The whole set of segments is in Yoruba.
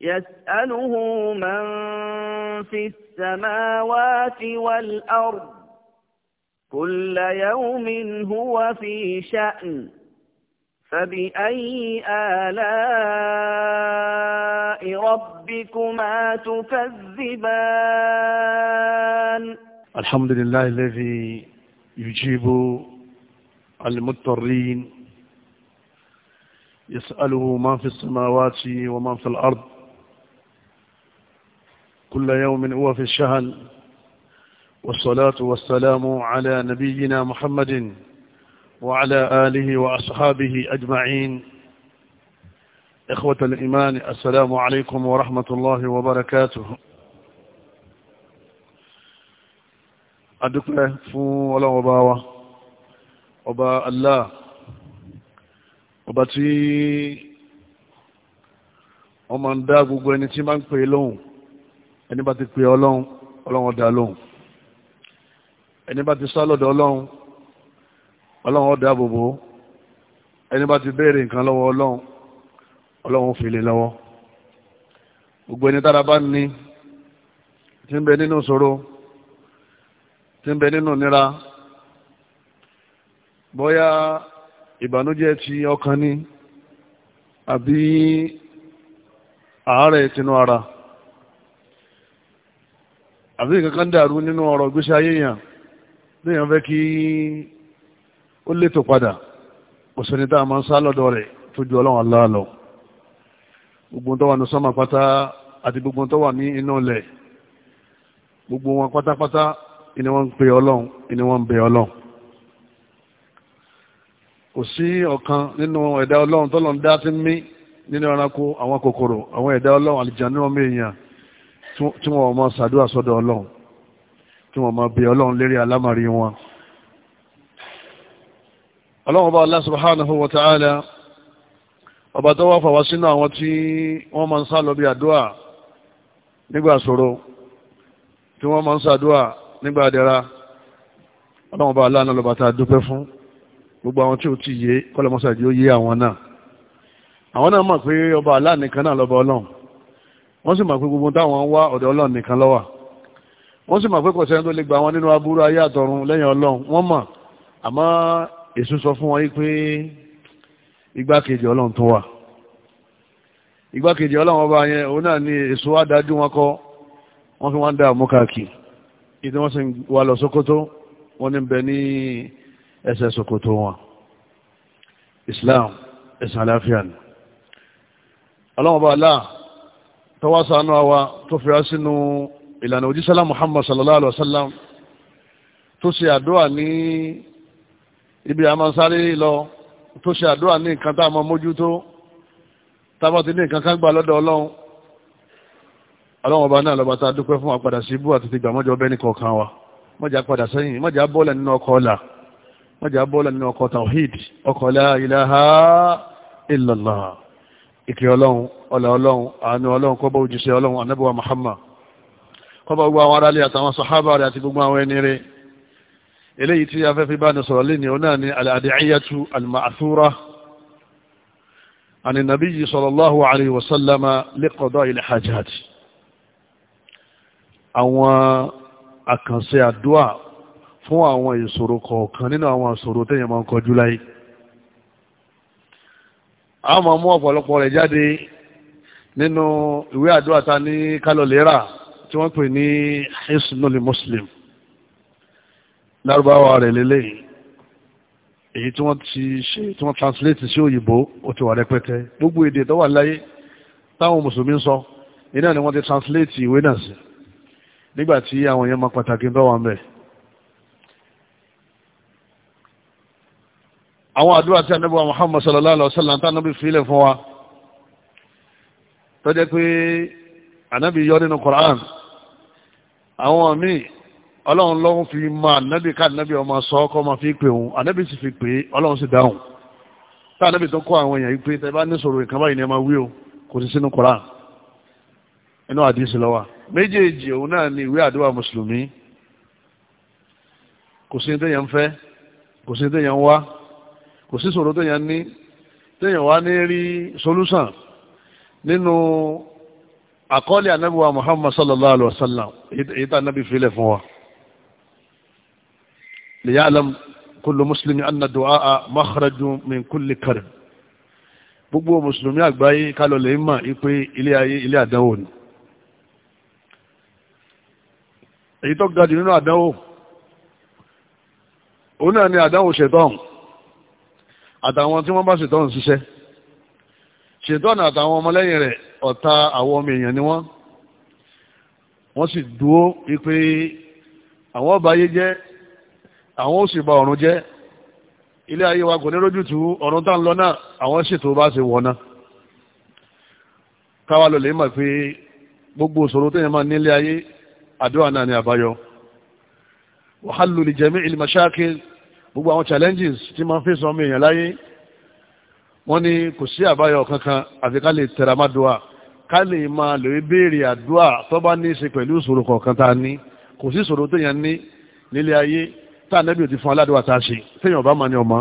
يسأله من في السماوات والأرض كل يوم هو في شأن فبأي آلاء ربكما تكذبان الحمد لله الذي يجيب المضطرين يسأله من في السماوات ومن في الأرض كل يوم هو في الشهر والصلاة والسلام على نبينا محمد وعلى آله وأصحابه أجمعين إخوة الإيمان السلام عليكم ورحمة الله وبركاته أدقنا فو ولا وباوة وبا الله وبا تي ومن دا gbogbo ẹni tí ẹni bá ti pè ọlọ́run ọlọ́run ọ̀dà lóhùn ẹni bá ti sá lọ́dọ̀ ọlọ́run ọlọ́run ọ̀dà bòbò ẹni bá ti béèrè nǹkan lọ́wọ́ ọlọ́run ọlọ́run fi lè lọ́wọ́ gbogbo ẹni tára bá ní tí ń bẹ nínú ṣòro tí ń bẹ nínú nira bóyá ìbànújẹ́ ti ọkàn ni àbí àárẹ̀ tinú ara àbí kankan dàrú nínú ọ̀rọ̀ ìgbésí ayé yàn léèyàn fẹ́ kí ó létò padà òsèlè tá a máa ń sá lọ́dọ̀ rẹ̀ tó ju ọlọ́run aláàlọ́ gbogbo tó wà ní sọ́mà pátá àti gbogbo tó wà ní inú ilẹ̀ gbogbo wọn pátápátá ìní wọn ń pè ọlọ́run ìní wọn ń bẹ ọlọ́run kò sí ọ̀kan nínú ẹ̀dá ọlọ́run tọ́lọ́run dá sí mí nínú ẹranko àwọn kòkòrò àwọn ẹ̀dá ọlọ́run àlìjánu ọmọ èèyàn tí wọ́n máa ṣàdúrà sọ́dọ̀ ọlọ́run tí wọ́n máa bẹ ọlọ́run lérí alámàrí wọn ọlọ́run bá Allah subhanahu wa ta'ala ọba tó wá fàwá sínú àwọn tí wọ́n máa ń sá lọ bí àdúà nígbà ṣòro tí wọ́n máa ń sàdúà nígbà àdẹ́ra ọlọ́run bá aláàánú lọ́ba tá a dúpẹ́ fún gbogbo àwọn tí ó ti yé kọ́lọ́mọ́sàdì ó yé àwọn náà àwọn náà mọ̀ pé ọba aláàánú kan náà lọ́ba ọlọ́run wọ́n sì mọ̀ pé gbogbo táwọn wá ọ̀dọ̀ ọlọ́run nìkan ló wà wọ́n sì mọ̀ pé kò sẹ́ni tó lè gba wọn nínú aburú ayé àtọ̀run lẹ́yìn ọlọ́run wọ́n mọ̀ àmọ́ èṣù sọ fún wọn yìí pé igbákejì ọlọ́run tó wà igbákejì ọlọ́run ọba yẹn òun náà ni èṣù wá dájú wọn kọ́ wọ́n fi wọ́n dá àmú káàkiri ìdí wọ́n sì wà lọ Sókótó wọ́n ní bẹ ní ẹsẹ̀ Sókótó wọn Islam ẹ̀sìn aláfíà ni ọlọ́run ọba aláà tọ́wọ́ sànú àwa tó fira sínú ìlànà òjísọ́lá muhammad sallallahu alaihi wa sallam tó ṣe àdúrà ní ibi àmọ́sáré lọ tó ṣe àdúrà ní nǹkan tá a mọ mójútó tábà ti ní nǹkan kan gbà lọ́dọ̀ ọlọ́run ọlọ́run ọba náà lọ́ba tá a dúpẹ́ fún àpadà sí ibú àti ti gbàmọ́jọ bẹ́ẹ̀ ní kọ̀ọ̀kan wa mọ́jà padà sẹ́yìn mọ́jà bọ́ọ̀lẹ̀ nínú ọkọ̀ ọ̀la mọ́jà bọ́ọ̀lẹ̀ nínú ọkọ̀ tawhid ọkọ̀ la ilaha illallah ìkẹ́ ọlọ́run ọlà ọlọ́run àánú ọlọ́run kó bá òjíṣẹ́ ọlọ́run anábíwá Muhammad kó bá gbogbo àwọn aráàlú àtàwọn sàhábà rẹ̀ àti gbogbo àwọn ẹni rẹ̀ eléyìí tí a fẹ́ fi bá ní sọ̀rọ̀ lé ní ọ náà ni al-ad'iyatu al-ma'thura عن النبي صلى الله عليه a máa mú ọ̀pọ̀lọpọ̀ rẹ̀ jáde nínú ìwé àdúrà ta ní kálọ̀lẹ́rà tí wọ́n pè ní hisnul muslim lárúbáwá rẹ̀ lélẹ́yìn èyí tí wọ́n ti ṣe tí wọ́n translate sí òyìnbó ó ti wà rẹpẹtẹ gbogbo èdè tó wà láyé táwọn mùsùlùmí ń sọ iná ni wọ́n ti translate ìwé náà sí nígbà tí àwọn èèyàn máa pàtàkì ń bá wà ń àwọn àdúrà tí anábọ̀ Muhammad sallallahu alaihi wasallam tánábì fílẹ̀ fún wa tó jẹ́ pé anábì yọ nínú Qur'an àwọn míì ọlọ́run lọ́wọ́ fi máa anábì ká anábì ọmọ sọ ọkọ ma fi pè òun anábì sì fi pè é ọlọ́run sì dáhùn tá anábì tó kọ́ àwọn èèyàn yìí pé tẹ bá ní sọ̀rọ̀ báyìí ni ẹ máa wí o kò sí sínú Qur'an inú àdìsí lọ́wọ́ méjèèjì òun náà ni ìwé àdúrà mùsùlùmí kò sí ní tẹ́yàn fẹ́ kò sí ní tẹ́yàn wá kò sí ṣòro téèyàn ní téèyàn wá ní rí solúsàn nínú àkọọ́lẹ̀ anábíwá muhammad sallallahu alaihi wa sallam èyí tá anábí filẹ̀ fún wa liya'lam kullu muslimin anna du'a makhrajun min kulli karim gbogbo mùsùlùmí àgbáyé kálọ̀ lè mà ipe ilé ayé ilé àdánwò ni èyí tó ga jù nínú àdánwò òun náà ni àdánwò ṣẹ̀tán àtàwọn tí wọ́n bá ṣètọ́ ń ṣiṣẹ́ ṣètọ́nà àtàwọn ọmọlẹ́yìn rẹ̀ ọ̀tá àwọn ọmọ èèyàn ni wọ́n wọ́n sì dúó wípé àwọn ọba ayé jẹ́ àwọn ó sì ba ọ̀run jẹ́ ilé ayé wa kò ní rójútu ọ̀run tá ń lọ náà àwọn ṣètò bá ṣe wọ̀nà káwa lò lè mọ̀ pé gbogbo òṣòro tó yẹn máa nílé ayé àdúrà náà ni àbáyọ wàhálù lè jẹ́mí ìlmọ̀ṣáàkì gbogbo àwọn challenges tí máa ń fèsì ọmọ èèyàn láyé wọ́n ní kò sí àbáyọ kankan àfi ká lè tẹ̀ra má dùà ká lè máa lè béèrè àdúà tó bá ní í ṣe pẹ̀lú ìṣòro kọ̀ọ̀kan tá a ní kò sí ìṣòro téèyàn ní nílé ayé tá a nẹ́bí ò ti fún aládùúgbò tá a ṣe téèyàn bá máa ní ọmọ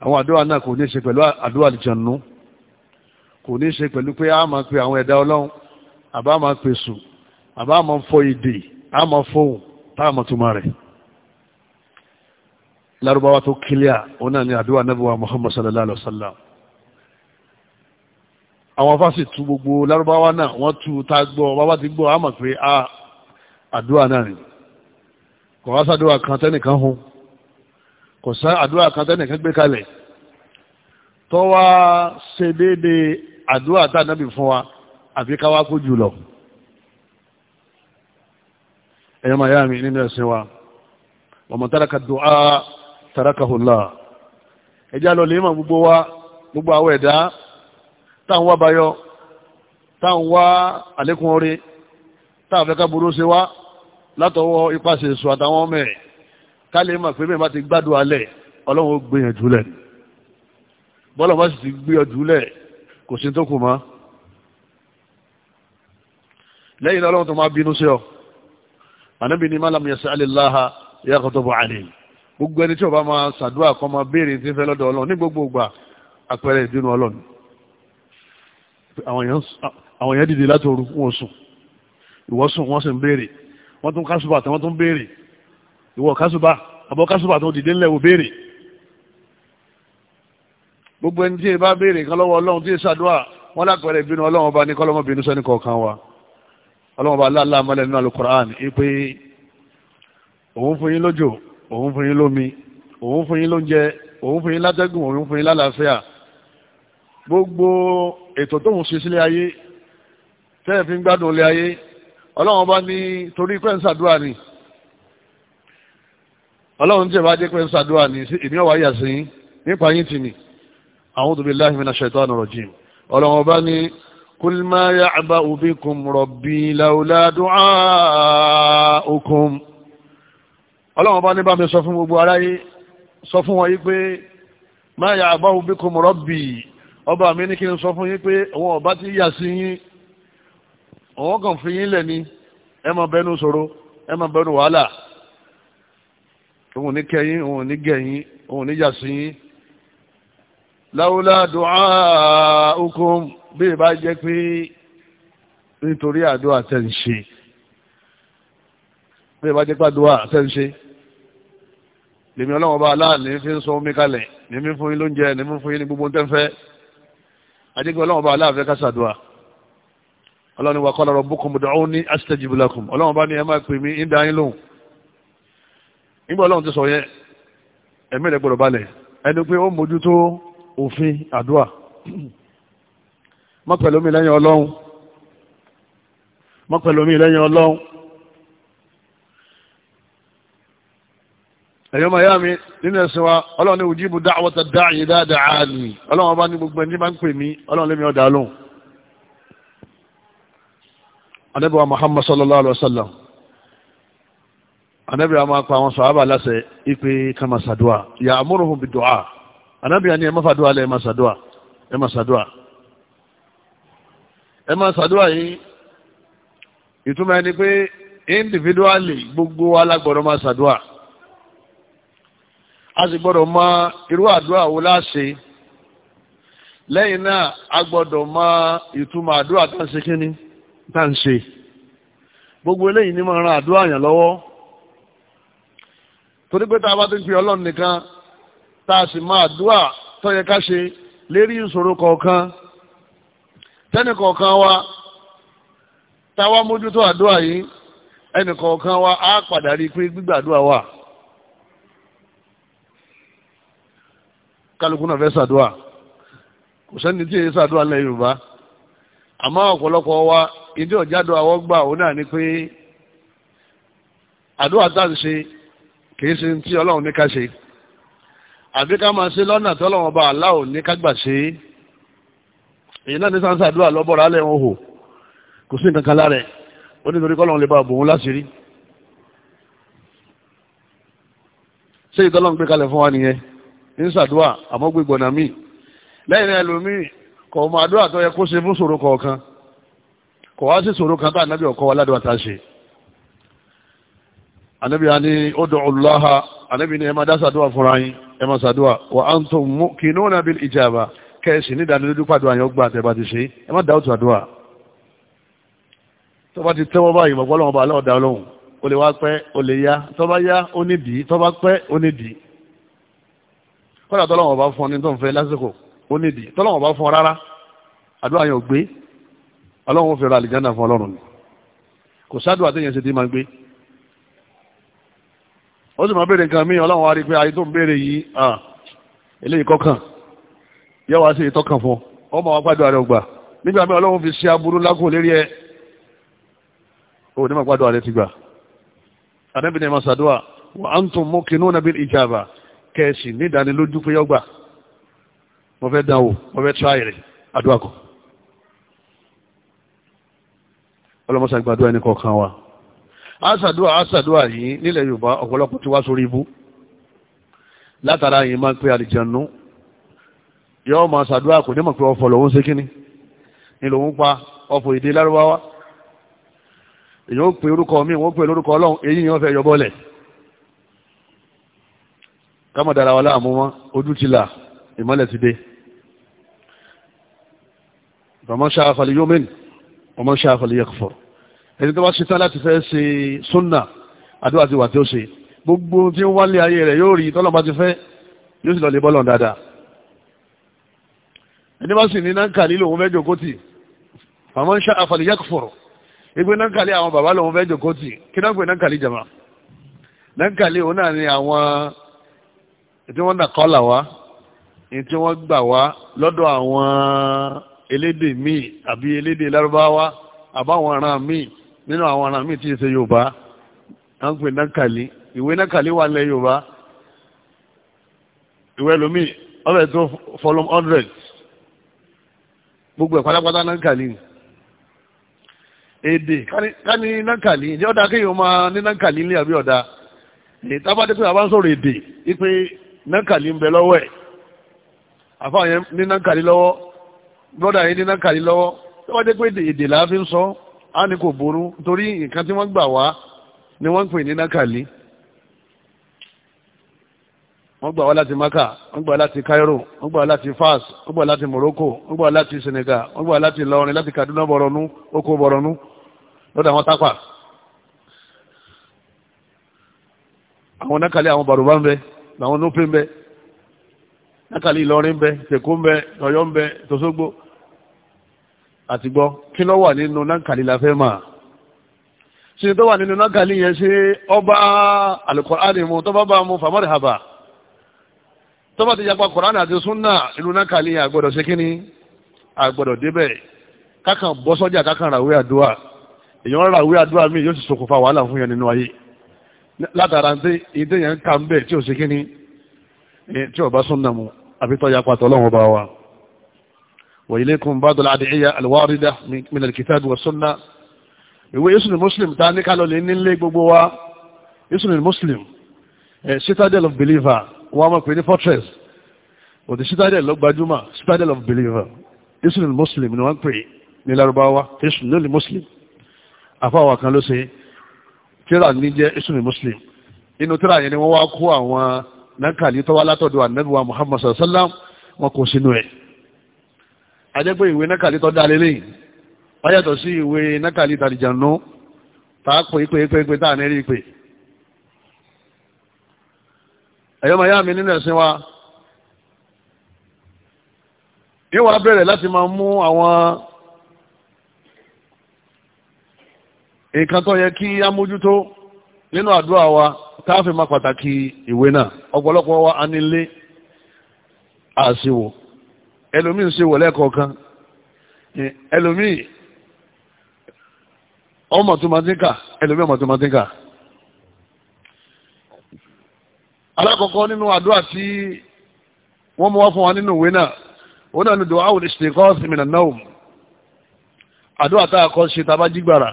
àwọn àdúrà náà kò ní í ṣe pẹ̀lú àdúrà àlìjànú kò ní í ṣe pẹ̀lú pé a máa pe àwọn ẹ̀dá ọlọ́run àbá máa pèsè àbá máa fọ èdè a máa fọhùn tá a máa túmọ̀ rẹ̀ lárúbáwá tó kílíà òun náà ni àdúrà nẹ́bùwà Muhammad sallallahu alaihi wa sallam àwọn fásitì tú gbogbo lárúbáwá náà wọ́n tú ta gbọ́ bàbá ti gbọ́ àmọ̀ pé a àdúrà náà ni kò wá sàdúrà kan tẹ́nìkan hun kò sá àdúrà kan tẹ́nìkan gbé kalẹ̀ tó wá ṣe déédéé àdúrà tá nábì fún wa àbí ká wá kó jù ẹ̀yọ́ màá yá mi nínú ẹ̀sìn wa wa man taraka du'a tarakahullah ẹjá lọ lè mọ̀ gbogbo wa gbogbo àwọn ẹ̀dá táwọn wá bayọ táwọn wá àlékún orí táwọn fẹ́ ká burú ṣe wá látọwọ́ ipasẹ̀ èso àtàwọn ọmọ ẹ̀ ká lè mọ̀ pé bẹ́ẹ̀ bá ti gbádùn alẹ̀ ọlọ́run ó gbìyànjú lẹ̀ bọ́lá bá sì ti gbìyànjú lẹ̀ kò sí tó kù mọ́ lẹ́yìn ọlọ́run tó máa bínú sí ọ ànábì ní má lam yas'alillaha yaghdabu alayhi gbogbo ẹni tí ó bá máa ṣàdúrà kó máa béèrè tí ń fẹ́ lọ́dọ̀ ọlọ́run ní gbogbo ìgbà àpẹẹrẹ ìdínú ọlọ́run àwọn èèyàn dìde láti òru wọn sùn ìwọ sùn wọn sì ń béèrè wọn tún kásùbà tí wọn tún béèrè ìwọ kásùbà àbọ kásùbà tó dìde ńlẹ̀ wò béèrè gbogbo ẹni tí ì bá béèrè kan lọ́wọ́ ọlọ́run tí ì ṣàdúrà wọn lápẹẹrẹ ìbínú ọlọ́run ọba ní kọ́lọ́mọ òun fún yín lómi òun fún yín lóúnjẹ òun fún yín látẹ́gùn òun fún yín lálàáfíà gbogbo ètò tóun ṣe sílé ayé tẹ́ẹ̀ fi ń gbádùn ilé ayé ọlọ́run bá ní torí pẹ́ ń ṣàdúrà ni ọlọ́run tí ẹ̀ bá jẹ́ pẹ́ ń ṣàdúrà ni èmi ọ̀wá yà sí nípa yín tì mí a'udhu billahi minash shaitani rajim ọlọ́run bá ní kul ma ya'ba'u bikum rabbi lawla du'a'ukum ọlọ́run bá ní bá mi sọ fún gbogbo aráyé sọ fún wọn yí pé ma ya'bahu bikum rabbi ọba mi ní kí n sọ fún yín pé òun ọba ti yà sí yín òun kàn fi yín lẹ̀ ni ẹ má bẹnu sọ̀rọ̀ ẹ má bẹnu wàhálà òun ní kẹyìn òun ní gẹ̀yìn òun ní yà sí yín láwùlá du'a'ukum bí ìbá jẹ́ pé nítorí àdúrà tẹ̀ bí ẹ bá jẹ́ pàdúrà sẹ́ńṣe lèmi ọlọ́wọ́ bá aláàní fi ń sọ omi kalẹ̀ lèmi fún yín lóúnjẹ lèmi fún yín ní gbogbo tẹ́ńfẹ́ adigun ọlọ́wọ́ bá aláàfẹ́ ká ṣàdúrà ọlọ́ni wa qala rabbukum ud'uni astajib lakum ọlọ́wọ́ bá ní ẹ máa pè mí ń dáyín lóhùn nígbà ọlọ́run ti sọ yẹn ẹ̀mí rẹ̀ gbọ́dọ̀ balẹ̀ ẹni pé ó mójútó òfin àdúrà mọ́ pẹ̀lú mi lẹ́yìn ọlọ́run mọ́ pẹ̀lú mi lẹ́yìn ọlọ́run ẹ̀yọ́ máa yá mi nínú ẹ̀sìn wa ọlọ́run ní ojú ibu dáwọ́ta dáàyè dáadáa ni ọlọ́run ọba ní gbogbo ẹni máa ń pè mí ọlọ́run lé mi ọ̀dà lóhùn. anabi wa muhammad sallallahu alaihi wa sallam anabi wa máa pa àwọn sàhábà láṣẹ ipe kama sadua ya amuruhum bi du'a anabi wa ni ẹ má fàdúà lẹ ẹ má sadua ẹ má sadua yìí ìtumọ̀ ẹni pé individually gbogbo alágbọ̀dọ̀ má sadua. a sì gbọ́dọ̀ mọ irú àdúrà wo láṣe lẹ́yìn náà a gbọ́dọ̀ mọ ìtumọ̀ àdúrà tá à ń ṣe kínní tá à ṣe gbogbo eléyìí ni máa ran àdúrà yàn lọ́wọ́ torí pé tá a bá ti ń pe ọlọ́run nìkan tá a sì mọ àdúrà tó yẹ ká ṣe lérí ìṣòro kọ̀ọ̀kan tẹ́nì kọ̀ọ̀kan wa táwa mójútó àdúrà yìí ẹnì kọ̀ọ̀kan wa á padà rí i pé gbígbàdúrà wà. kálukú náà fẹ́ ṣàdúrà kò sẹ́ni tí èyí ṣàdúrà lẹ́yìn yorùbá àmọ́ ọ̀pọ̀lọpọ̀ wa ìdí ọ̀jádọ́ àwọ̀ gbà òun náà ni pé àdúrà tá à ń ṣe kìí ṣe tí ọlọ́run ní ká ṣe àbí ká máa ṣe lọ́nà tí ọlọ́run ọba aláwo ní ká gbà ṣe èyí náà ní sáńsà àdúrà lọ́bọ̀rọ̀ alẹ́ wọn hò kò sí nǹkan kan ẹ̀ ó ní torí kọ́lọ́run lè bá bò wọn láṣìírí ṣé ìtọ́lọ́run gbé kalẹ̀ fún wa nìyẹn ń ṣàdúrà àmọ́ gbégbọ̀n náà mí lẹ́yìn náà ẹlòmíì kò mọ àdúrà tó yẹ kó ṣe fún ṣòro kọ̀ọ̀kan kò wá sí ṣòro kan tá ànábì ọ̀kọ́ wa ládùúgbà tá a ṣe ànábì á ní ud'u Allaha ànábì ní ẹ máa dá ṣàdúrà fúnra yín ẹ máa ṣàdúrà wa antum muqinuna bil ijaba kẹ́ẹ̀sì ní ìdánilójú pàdúrà yẹn gbà tẹ́ bá ti ṣe ẹ má dá òtù àdúrà tó bá ti tẹ́wọ́ báyìí mọ̀gbọ́lọ́wọ́ bá aláwọ̀ dá ọlọ́run ó lè wá pẹ́ ó lè yá tó bá yá ó nídìí tó bá pẹ́ ó nídìí kọ́lá tọ́lọ́wọ̀n bá fún ọ ní tó ń fẹ́ lásìkò ó nídìí tọ́lọ́wọ̀n bá fún ọ rárá àdúrà yẹn ò gbé ọlọ́run fẹ́ràn àlìjáná fún ọlọ́run ni kò sádùá téèyàn ṣe ti máa gbé ó sì máa béèrè nǹkan míì ọlọ́run wá rí pé ayé tó ń béèrè yìí eléyìí kọ́kàn yẹ wá sí ìtọ́kàn fún ọ máa wá gbádùn àrẹ ọgbà nígbà míì ọlọ́run fi ṣe aburú lákò lérí ẹ kẹ̀sì ní ìdánilójú pé yọ́gbà mo fẹ́ dánwò mo fẹ́ tíráyì rẹ̀ àdúrà kọ. ọlọ́mọsá gbàdúrà ẹni kọ̀ọ̀kan wa àṣàdúrà àṣàdúrà yìí nílẹ̀ Yorùbá ọ̀pọ̀lọpọ̀ ti wá sórí ibú látara yìí máa ń pè àlìjẹ̀nú yọ́ọ́ máa ṣàdúrà kò ní mọ̀ pé ọ̀fọ̀ lòun ṣe kíni ni lòun pa ọ̀fọ̀ èdè lárúbáwá èyí ó pè orúkọ mi wọ́n pè lórúkọ Ọlọ́run èyí ni wọ́n fẹ́ yọbọ́lẹ̀ Kama dára wa láàmú wọn ojú ti là ìmọ́lẹ̀ ti dé bàmọ́ ṣáfàlì yóò mẹ́rin ọmọ ṣáfàlì yẹ kọfọ ẹni tó bá ṣetán láti fẹ́ ṣe sunna àdúrà ti wà tí ó ṣe gbogbo tí ó wálé ayé rẹ̀ yóò rí tọ́lọ́mà ti fẹ́ yóò sì lọ lè bọ́lọ̀ dáadáa ẹni bá sì ní náǹkà nílò òun fẹ́ jòkó tì bàmọ́ ṣáfàlì yẹ kọfọ ìgbé náǹkà lé àwọn bàbá lòun fẹ́ jòkó tì kí náà gbé náǹkà lé jàmá náǹkà lé òun náà ni àwọn tí wọ́n dàkọ́là wá ní tí wọ́n gbà wá lọ́dọ̀ àwọn elédè míì àbí elédè lárúbáwá àbáwọn aràn míì nínú àwọn aràn míì tí ì ṣe yorùbá à ń pè nákàlí ìwé nákàlí wà lẹ yorùbá ìwé lomi ọbẹ̀ tó fọlọ́m hundred gbogbo ẹ̀ pátápátá nákàlí èdè ká ní nákàlí ǹjẹ́ ọ̀dà kéèyàn máa ní nákàlí ilé àbí ọ̀dà ìtabàdé pé àbá ń sọ̀rọ̀ èdè wípé. nákàlí ń bẹ lọ́wọ́ ẹ̀ àfáà yẹn ní nákàlí lọ́wọ́ brọ́dà yẹn ní nákàlí lọ́wọ́ tó wá dé pé èdè làá fi ń sọ á ní kò burú torí nǹkan tí gbà wá ni ń pè ní gbà wá láti Maka gbà wá Cairo gbà wá láti gbà wá láti Morocco gbà wá láti Senegal gbà wá Kaduna oko tápà àwọn àwọn làwọn nópin bẹ lákàlí ìlọrin bẹ tèkó bẹ ọ̀yọ́ bẹ tòṣógbó àti gbọ́ kí ló wà nínú nákàlí la fẹ́ mà ṣe tó wà nínú nákàlí yẹn ṣe ọba Al-Qur'ani mu bá mu haba yapa Qur'ani àti sunna inú nákàlí yẹn ṣe kíni kákan kákan ràwé àdúrà èèyàn ràwé àdúrà yóò sì ṣokùnfà wàhálà fún yẹn nínú látara ìdí yẹn ká ń bẹ̀ tí ò sí kíní tí ò bá súnà mu àbí tọ́ yapa tọ́lọ́wọ́ bá wa. wa ilaykum ba'd al-ad'iya al-warida min al-kitab wa sunna ìwé Muslim ta ní kálọ̀ lè nílé gbogbo wa Hisnul Muslim eh, citadel of believer wọ́n máa pè ní fortress but the citadel ló gbajúmọ̀ citadel of believer Hisnul Muslim ni wọ́n pè ní Lárúbáwá Hisnul Muslim afáwà kan ló ṣe é tíra ní jẹ́ ismi muslim inú tíra yẹn ni wọ́n wá kó àwọn nákàlí tó wá látọ̀dọ̀ ànábìwá muhammad sallam wọn kò sínú ẹ̀ adẹ́gbẹ́ ìwé nákàlí tó dá lélẹ́yìn wọ́n yàtọ̀ sí ìwé nákàlí tàdìjànú tá a pè é pé pé pé tá a nẹ́rí pé ẹ̀yọ́ mi nínú ẹ̀sìn wa yóò wá bẹ̀rẹ̀ láti máa mú àwọn nǹkan tó yẹ kí á mójútó nínú àdúrà wa káfí máa pàtàkì ìwé náà ọ̀pọ̀lọpọ̀ wa a nílé àṣìwò ẹlòmíì ń ṣe wọ̀ lẹ́ẹ̀kọ̀ọ̀kan ẹlòmíì ọmọ tó máa ti ń kà ẹlòmíì ọmọ tó máa ti ń kà. alákọ̀ọ́kọ́ nínú àdúrà tí wọ́n mú wá fún wa nínú ìwé náà òun náà ni dùn áwòrán ìṣèkọ́ sí mi nà náà àdúrà tá a kọ́ ṣe tá a bá jí gbàrà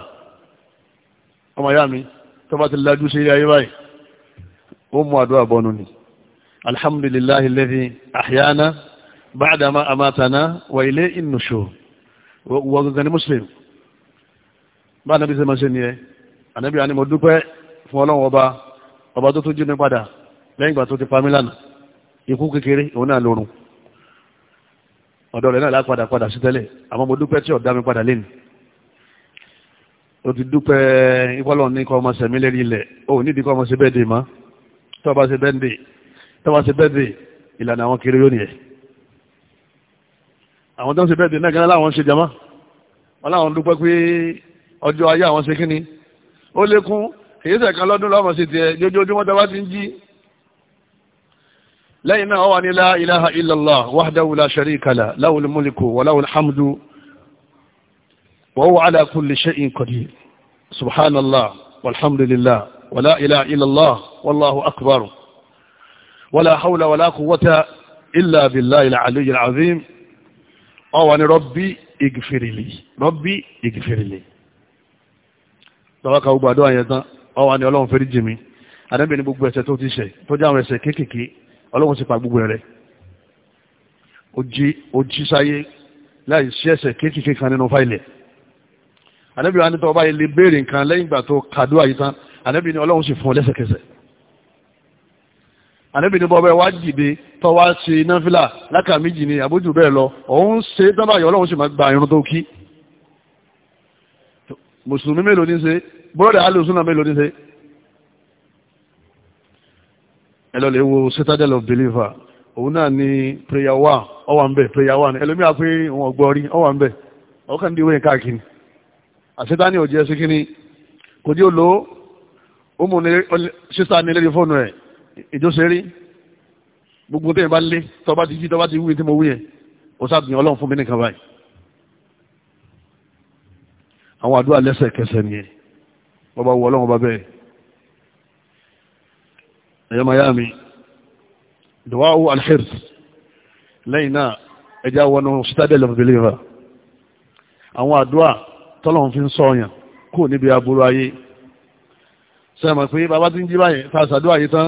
ọmọ ìyá mi tó bá ti lájú sí ilé ayé báyìí ó mú àdúrà bọ́nu ni alhamdulillahi alladhi ahyana ba'da ma amatana wa ilayhi an-nushur wọ́n gangan ní muslim bá nàbí sẹ́mọ̀ sí ni ẹ ànábì àni mo dúpẹ́ fún ọlọ́run ọba ọba tó tún jí mi padà lẹ́yìn ìgbà tó ti pa mí ikú kékeré òun náà lórun ọ̀dọ̀ rẹ̀ náà lápadà padà sí tẹ́lẹ̀ àmọ́ mo dúpẹ́ tí ó mi padà lénìí o ti dúpẹ́ ìfọ́lọ̀ ní kọ́ ọmọ sẹ̀mí lérí ilẹ̀ o nídìí kọ́ ọmọ sí bẹ́ẹ̀dì mọ́ tọ́ba sí bẹ́ẹ̀dì tọ́ba sí bẹ́ẹ̀dì ìlànà àwọn kiri yóò nìyẹn àwọn tó ń sí bẹ́ẹ̀dì náà gánà láwọn ń ṣe jama wọn láwọn dúpẹ́ pé ọjọ́ ayé àwọn ṣe kíni ó lékún èyí sẹ̀kan lọ́dún lọ́mọ sí tiẹ̀ jójoojúmọ́ tọ́ba ti ń jí lẹ́yìn náà wà ní la ilaha illallah wahdahu la sharika lah lahul wa huwa ala kulli shay'in qadir subhanallah walhamdulillah wala ilaha illallah wallahu akbar wala hawla wala quwwata illa billahi al-aliyyil azim ọwà ni rabbi igfirili rabbi igfirili lọ́wọ́ka gbogbo àdúrà yẹn tán ọwà ni ọlọ́run fẹ́rí jì mí gbogbo ẹ̀ṣẹ̀ tó ti ṣẹ̀ tó jẹ́ àwọn ẹ̀ṣẹ̀ kéékèèké ọlọ́run ti pa gbogbo rẹ̀ ó jí sáyé láì sí ẹ̀ṣẹ̀ kéékèèké kan nínú fáìlì ànábì wa ní tọ́ ọba yìí lè béèrè nǹkan lẹ́yìn ìgbà tó kàdúrà yìí tán ànábì ní ọlọ́run sì fún ọ lẹ́sẹ̀kẹsẹ̀ ànábì ní bọ́ọ̀bẹ wá dìde tọ́ wá ṣe náfìlà láka méjì ni àbójú bẹ́ẹ̀ lọ òun ṣe dábàá yìí ọlọ́run sì máa gba irun tó kí mùsùlùmí mélòó ní ṣe bọ́ọ̀dà alùsùnà mélòó ní ṣe ẹlọ́lẹ̀ wo citadel of believer òun náà ni prayer one ọwà ń bẹ̀ prayer one ẹlòmíà pé òun ọgbọ́rí ọwà ń bẹ̀ ọkàn díwẹ̀ káàkiri àṣetá ní òjì ẹsẹ kínní kò dí olówó ó mú ní sísá ní lórí fóònù rẹ̀ ìjọsẹrí gbogbo tẹyìn bá lé tọba ti jí tọba ti wúwe tí mo wú yẹn ó sábìyàn Ọlọ́run fún mi nìkan báyìí àwọn àdúrà lẹ́sẹ̀kẹsẹ̀ nìyẹn wọ́n bá wọ Ọlọ́run bá bẹ́ẹ̀ ẹ̀yọ́ miami dùwáwù alhirs lẹ́yìn náà ẹja wọnú citadel of believer àwọn àdúrà tọ́lọ́run fi ń sọ ọ̀yàn kò níbi aburú ayé sẹ́mọ̀ pé bàbá tí ń jí báyìí ta ṣàdúrà yìí tán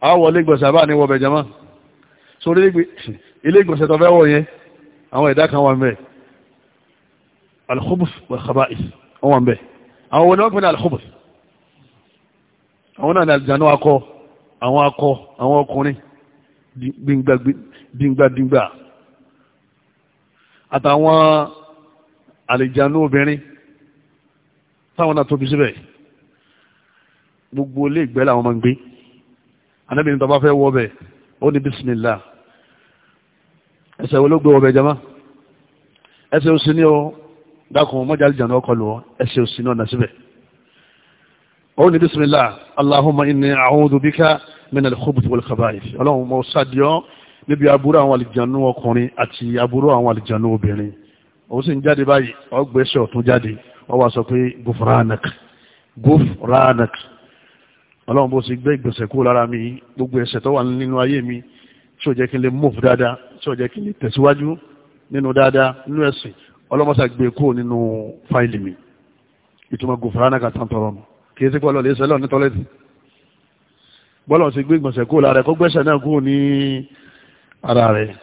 a wọlé gbọ̀nsẹ̀ àbá ní wọbẹ̀ jẹ́mọ́ sórí ilé gbọ̀nsẹ̀ tó fẹ́ wọ̀ yẹn àwọn ẹ̀dá kan wà mẹ́ alkhubus wa khaba'is wọ́n wà mẹ́ àwọn wọn ni wọ́n pè ní alkhubus àwọn náà ní àlùjànnú akọ àwọn akọ àwọn ọkùnrin dìngbàdìngbà àtàwọn àlìjánu obìnrin táwọn náà tóbi síbẹ̀ gbogbo ilé ìgbẹ́ làwọn máa ń gbé anábìrin tó bá fẹ́ wọ ọbẹ̀ ó ní bisimilá ẹsẹ̀ wo ló gbé ọbẹ̀ jama ẹsẹ̀ òsì ni ó dákun mọ́jà àlìjánu ọkọ lù ọ ẹsẹ̀ òsì náà nà síbẹ̀ ó ní bisimilá aláhùnmá ìní àwọn odòbíkà mẹ́nà lẹ́kọ́bùtì wọlé kábàáyé ọlọ́run mọ́ sádìọ́ níbi aburú àwọn àlìjánu ọkùnrin àti aburú àwọn àlìjánu obìnrin òun sì ń jáde báyìí ọgbẹ́sẹ̀ ọ̀tún jáde wọ́n wá sọ pé gufranak gufranak ọlọ́run bó sì gbé ìgbésẹ̀ kúrò lára mi gbogbo ẹ̀ṣẹ̀ tó wà nínú ayé mi tí ò jẹ́ kí n lè move dáadáa tí ò jẹ́ kí n lè tẹ̀síwájú nínú dáadáa nínú ẹ̀sìn ọlọ́mọsà gbé e kúrò nínú fáìlì mi ìtumọ̀ gufranaka tán tọrọ mọ́ kì í sí pọ́ lọ́lẹ̀ ìṣẹ́lẹ̀ ní tọ́lẹ́tì bọ́lọ̀ sì gbé ìgbésẹ̀ kúrò lára rẹ̀ kó gbẹ́sẹ̀ náà kúrò ní ara rẹ̀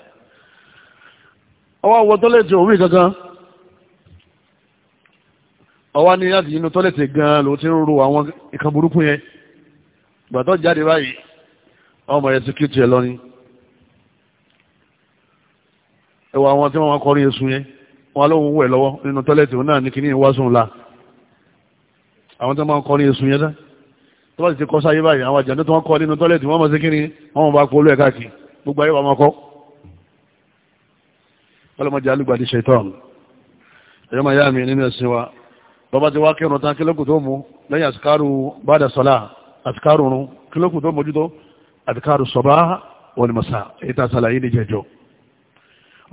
ọwọ́ wọ tọ́lẹ̀tì òwú gangan ọwọ́ ní láti inú tọ́lẹ̀tì gan ló ti ń ro àwọn nǹkan burúkú yẹn gbàtọ́ jáde báyìí ọmọ yẹn ti kí tiẹ̀ lọ ni ẹwà àwọn tí wọ́n kọrin èṣù yẹn wọn lóhun wẹ̀ lọ́wọ́ nínú tọ́lẹ̀tì òun náà ní kíní ìwásùn la àwọn tí wọ́n kọrin èṣù yẹn tọ́lẹ̀tì kọ́ sáyé báyìí àwọn àjàndó tí wọ́n kọ́ ọlọ́mọdé alúgbàdì ṣetán ẹ̀yọ́ máa yá mi nínú ẹ̀sìn wa bọ́bá ti wá kírun tán kílókù tó mú lẹ́yìn àtikáàrù bádà sọ́lá àtikáàrù rún kílókù tó mójútó àtikáàrù sọ̀bá olùmọ̀sá ètò àṣàlàyé ní jẹjọ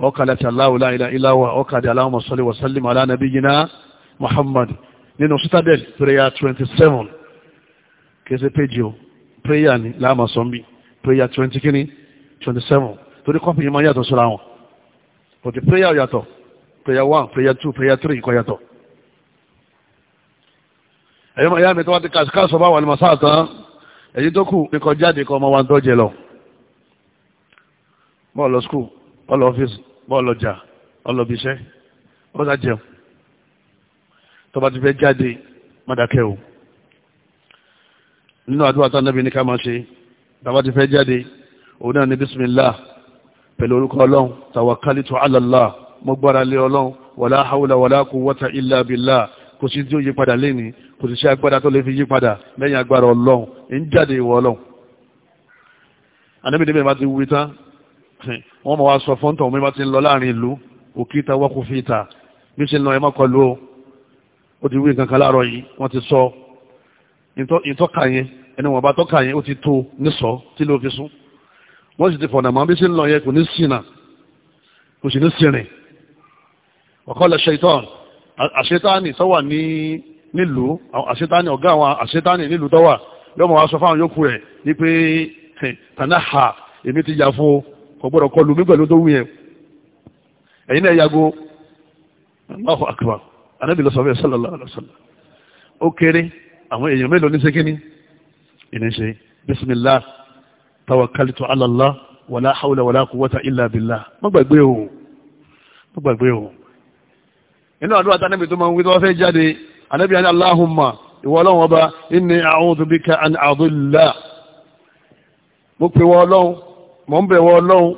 ọkàlẹ̀ àti Allahu la ilaha illa huwa ọkàlẹ̀ Allahumma salli wa sallim ala nabiyyina Muhammad nínú citadel prayer 27 kẹsẹ̀ péjì o prayer ni láàmà sọ́mbì prayer 20 kíní 27 torí kọ́pì yìí máa yàtọ̀ sọ́ra wọn kò ti prayer yàtọ̀ prayer one prayer two prayer three kò yàtọ̀ ẹ̀yọ́ mọ̀ ìyá mi tó wá ti kàṣíkàṣọ bá wà ní màsáà tán èyí tó kù ní kọ jáde kọ ọmọ wa ń tọ́jẹ lọ bọ́ọ̀lù skul bọ́ọ̀lù ọ́fíìsì bọ́ọ̀lù ọjà bọ́ọ̀lù ibiṣẹ́ bọ́ọ̀lù jẹun tó bá ti fẹ́ jáde mọ́dàkẹ́ o nínú àdúrà tán Nábì ní ká máa ṣe tá bá ti fẹ́ jáde òun náà ní bísímìlá pẹ̀lú orúkọ ọlọ́run tawakalitu ala Allah mo gbára lé ọlọ́run wàlá haúlà wàlá quwwata illa billah kò sí tí ó yí padà lẹ́ni kò sí sí agbára tó lè fi yí padà lẹ́yìn agbára ọlọ́run ń jáde ìwọ ọlọ́run anábìdí mẹ́rin bá ti wí tán wọ́n mọ̀ wá sọ fún tọ̀hún mẹ́rin bá ti ń lọ láàrin ìlú òkè ta wákò fi ta bí ṣe ń lọ ẹmọ́ kọlu o ó ti wí nǹkan láàárọ̀ yìí wọ́n ti sọ ìtọ́ka yẹn ẹni wọ́n bá tọ́ka yẹn ó ti tó nísọ tí ló fi sún wọ́n sì ti fọ̀nà mọ́ bí sí ń lọ yẹ kò ní sínà kò sì ní sínrin ọ̀kọ́lẹ̀ ṣetán àṣetáni tó wà ní nílùú àṣetáni ọ̀gá àwọn àṣetáni nílùú tó wà yọmọ wa sọ fáwọn yòókù ẹ̀ ní pé tànáhà èmi ti yà fún kò gbọ́dọ̀ kọlù mí pẹ̀lú tó wù yẹn ẹ̀yin náà yago Allahu akbar anábì lọ sọfẹ́ sallallahu alaihi wasallam ó kéré àwọn èèyàn mélòó ní sékéní ìníṣe bismillah tawakalitu ala Allah wala hawla wala quwwata illa billah má gbàgbé o má gbàgbé o inú àdúrà tá níbi tó máa ń wí tó wá fẹ́ jáde anábì àni Allahumma ìwọ ọlọ́run ọba inni a'udhu bika an adilla mo pè wọ ọlọ́run mo ń bẹ̀ wọ ọlọ́run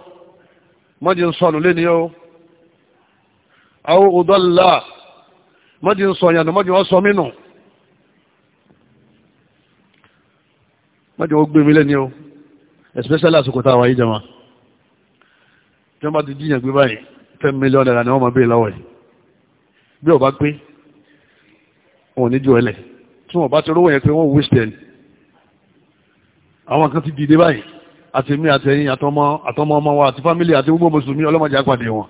mo jẹ́ especially àsìkò tá a wáyé jama tí wọ́n bá ti jíyàn gbé báyìí ten million naira ni wọ́n máa béèrè lọ́wọ́ ẹ̀ bí ọba pé wọn ní ju ẹlẹ̀ tí wọ́n bá ti rówó yẹn pé wọ́n waste ẹ̀ àwọn kan ti dìde báyìí àti mi àtẹ̀yìn àtọmọ ọmọ wa àti fámílì àti gbogbo mùsùlùmí ọlọ́mọdé àpàdé wọn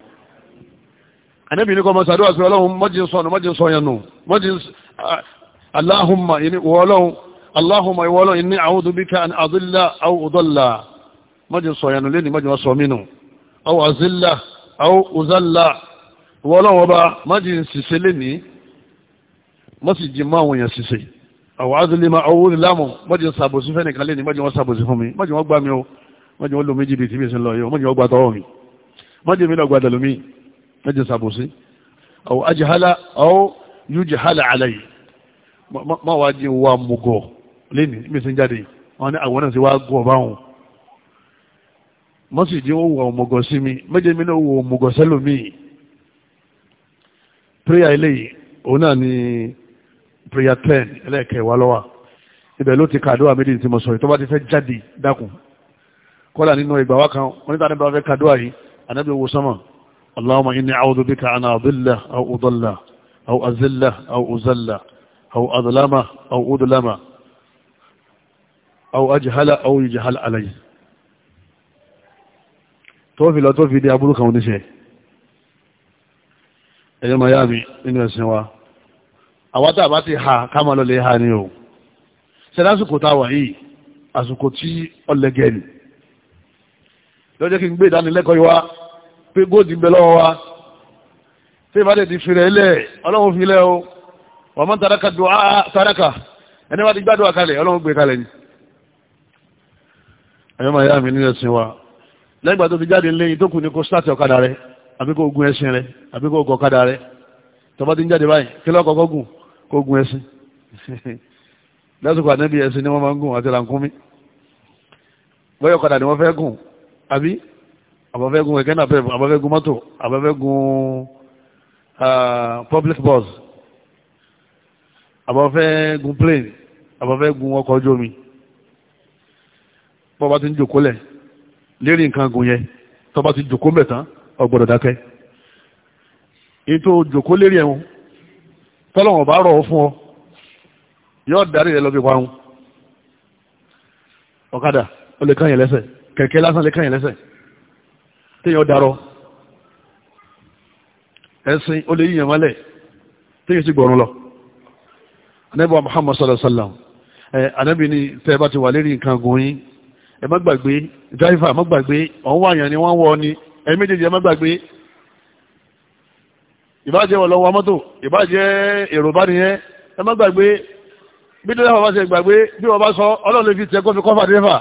ànábì ní kọ́ ọmọ sàdúrà pé ọlọ́run mọ́jì ń sọnù mọ́jì ń sọyànù mọ́jì ń Allahumma ìní wọ́ Allahumma ìwọ́lọ́ inni a'udhu bika an adilla aw udalla mọ́jọ sọ ìyànà lẹ́ni mọ́jọ sọ mínú aw azilla aw uzalla ìwọ́lọ́ wọn bá mọ́jọ ṣiṣẹ́ lẹ́ni mọ́sí jí mọ́ àwọn èèyàn ṣiṣẹ́ aw azlima aw lámù mọ́jọ sàbòsí fẹ́ nìkan lẹ́ni mọ́jọ sàbòsí fún mi mọ́jọ wọ́n gbá mi o mọ́jọ wọ́n lomi jìbìtì mi sí lọ yọ mọ́jọ wọ́n gbá tọ́wọ́ mi mọ́jọ mi lọ gbá dàlómi mọ́jọ sàbòsí aw ajhala aw yujhala alayhi mọ́wájú wa mú gọ̀ọ́ lẹ́ni mẹ́sàn jáde wọ́n ní àwọn náà sì wá gùn ọba wọn mọ́sì jí wọ́n wọ ọmọgọ̀ sí mi méje mi náà wọ ọmọgọ̀ sẹ́lòmíì prayer eléyìí òun náà ni prayer ten ẹlẹ́ẹ̀kẹwà lọ́wà ibẹ̀ ló ti kàdúrà méjì tí mo sọ yìí tó bá ti fẹ́ jáde dákun kọ́lá nínú ìgbà wá kan wọ́n níta níbi afẹ́ kàdúrà yìí anábì owó sọ́mọ̀ allahumma inni a'udhu bika an adilla aw udalla aw azilla aw uzalla aw adlama aw udlama àwọn ajìhálà àwọn ìjìhálà aláyìí tó fi lọ tó fi dé aburú kan oníṣẹ́ ẹ̀yọ́ miami nínú ẹ̀sìn wa àwátà bá ti ha káàmà lọ lè ha ní o ṣe lásìkò táwà yìí àsìkò tí ọlẹ́gẹ̀ ni lọ́jọ́ kí n gbé ìdánilẹ́kọ̀ọ́ wa pé góòdì ń bẹ lọ́wọ́ wa tí ìbá ti fi rẹ̀ ilẹ̀ ọlọ́run fi lẹ́ o wàmọ́ taraka dùn á taraka ẹni bá ti gbádùn àkàlẹ̀ ọlọ́run gbé kalẹ̀ ni ẹ̀yọ́ máa yá mi ní ẹ̀sìn wa lẹ́gbà tó ti jáde lẹ́yìn tó kù ní kó sáàtì ọ̀kadà rẹ àbí kó gun ẹṣin rẹ àbí kó gun ọ̀kadà rẹ tọba ti ń jáde báyìí kí lọ́kọ̀ gùn kó gun ẹṣin lásìkò ànábì ẹṣin ni wọ́n máa ń gùn àti làǹkúmí bọ́yọ̀ ọ̀kadà ni wọ́n fẹ́ gùn àbí àbáfẹ́ gun ẹ̀kẹ́ náà pẹ̀lú gun mọ́tò public bus àbáfẹ́ plane àbáfẹ́ gun bọ́ba ti ń jòkó lẹ̀ lérí nǹkan gùn yẹn tọ́ba ti jòkó mẹ́ tán ọgbọ́dọ̀ dákẹ́ ètò jòkó lérí ẹ̀hún tọ́lọ́wọ̀n bá rọ̀ ọ́ fún ọ yóò darí rẹ lọ́bí parun ọ̀kadà ó lè kàn yẹn lẹ́sẹ̀ kẹ̀kẹ́ lásán lè kàn yẹn lẹ́sẹ̀ téèyàn darọ ẹ̀sìn ó lè yíyan mọ́lẹ̀ téèyàn sì gbọ̀rún lọ anábì wa sallallahu alaihi wa sallam anábì ni tẹ́ bá ti wà lérí nǹkan gùn yín ẹ má gbàgbé dráìfà má gbàgbé ọ̀hún wàyàn ni wọ́n wọ ni ẹ méjèèjì ẹ má gbàgbé ìbájẹ́ wọ̀ lọ́wọ́ mọ́tò ìbájẹ́ èrò bá nìyẹn ẹ má gbàgbé bí dráìfà bá ṣe gbàgbé bí wọ́n bá sọ ọlọ́run lè fi tẹ kó fi kọ́fà dráìfà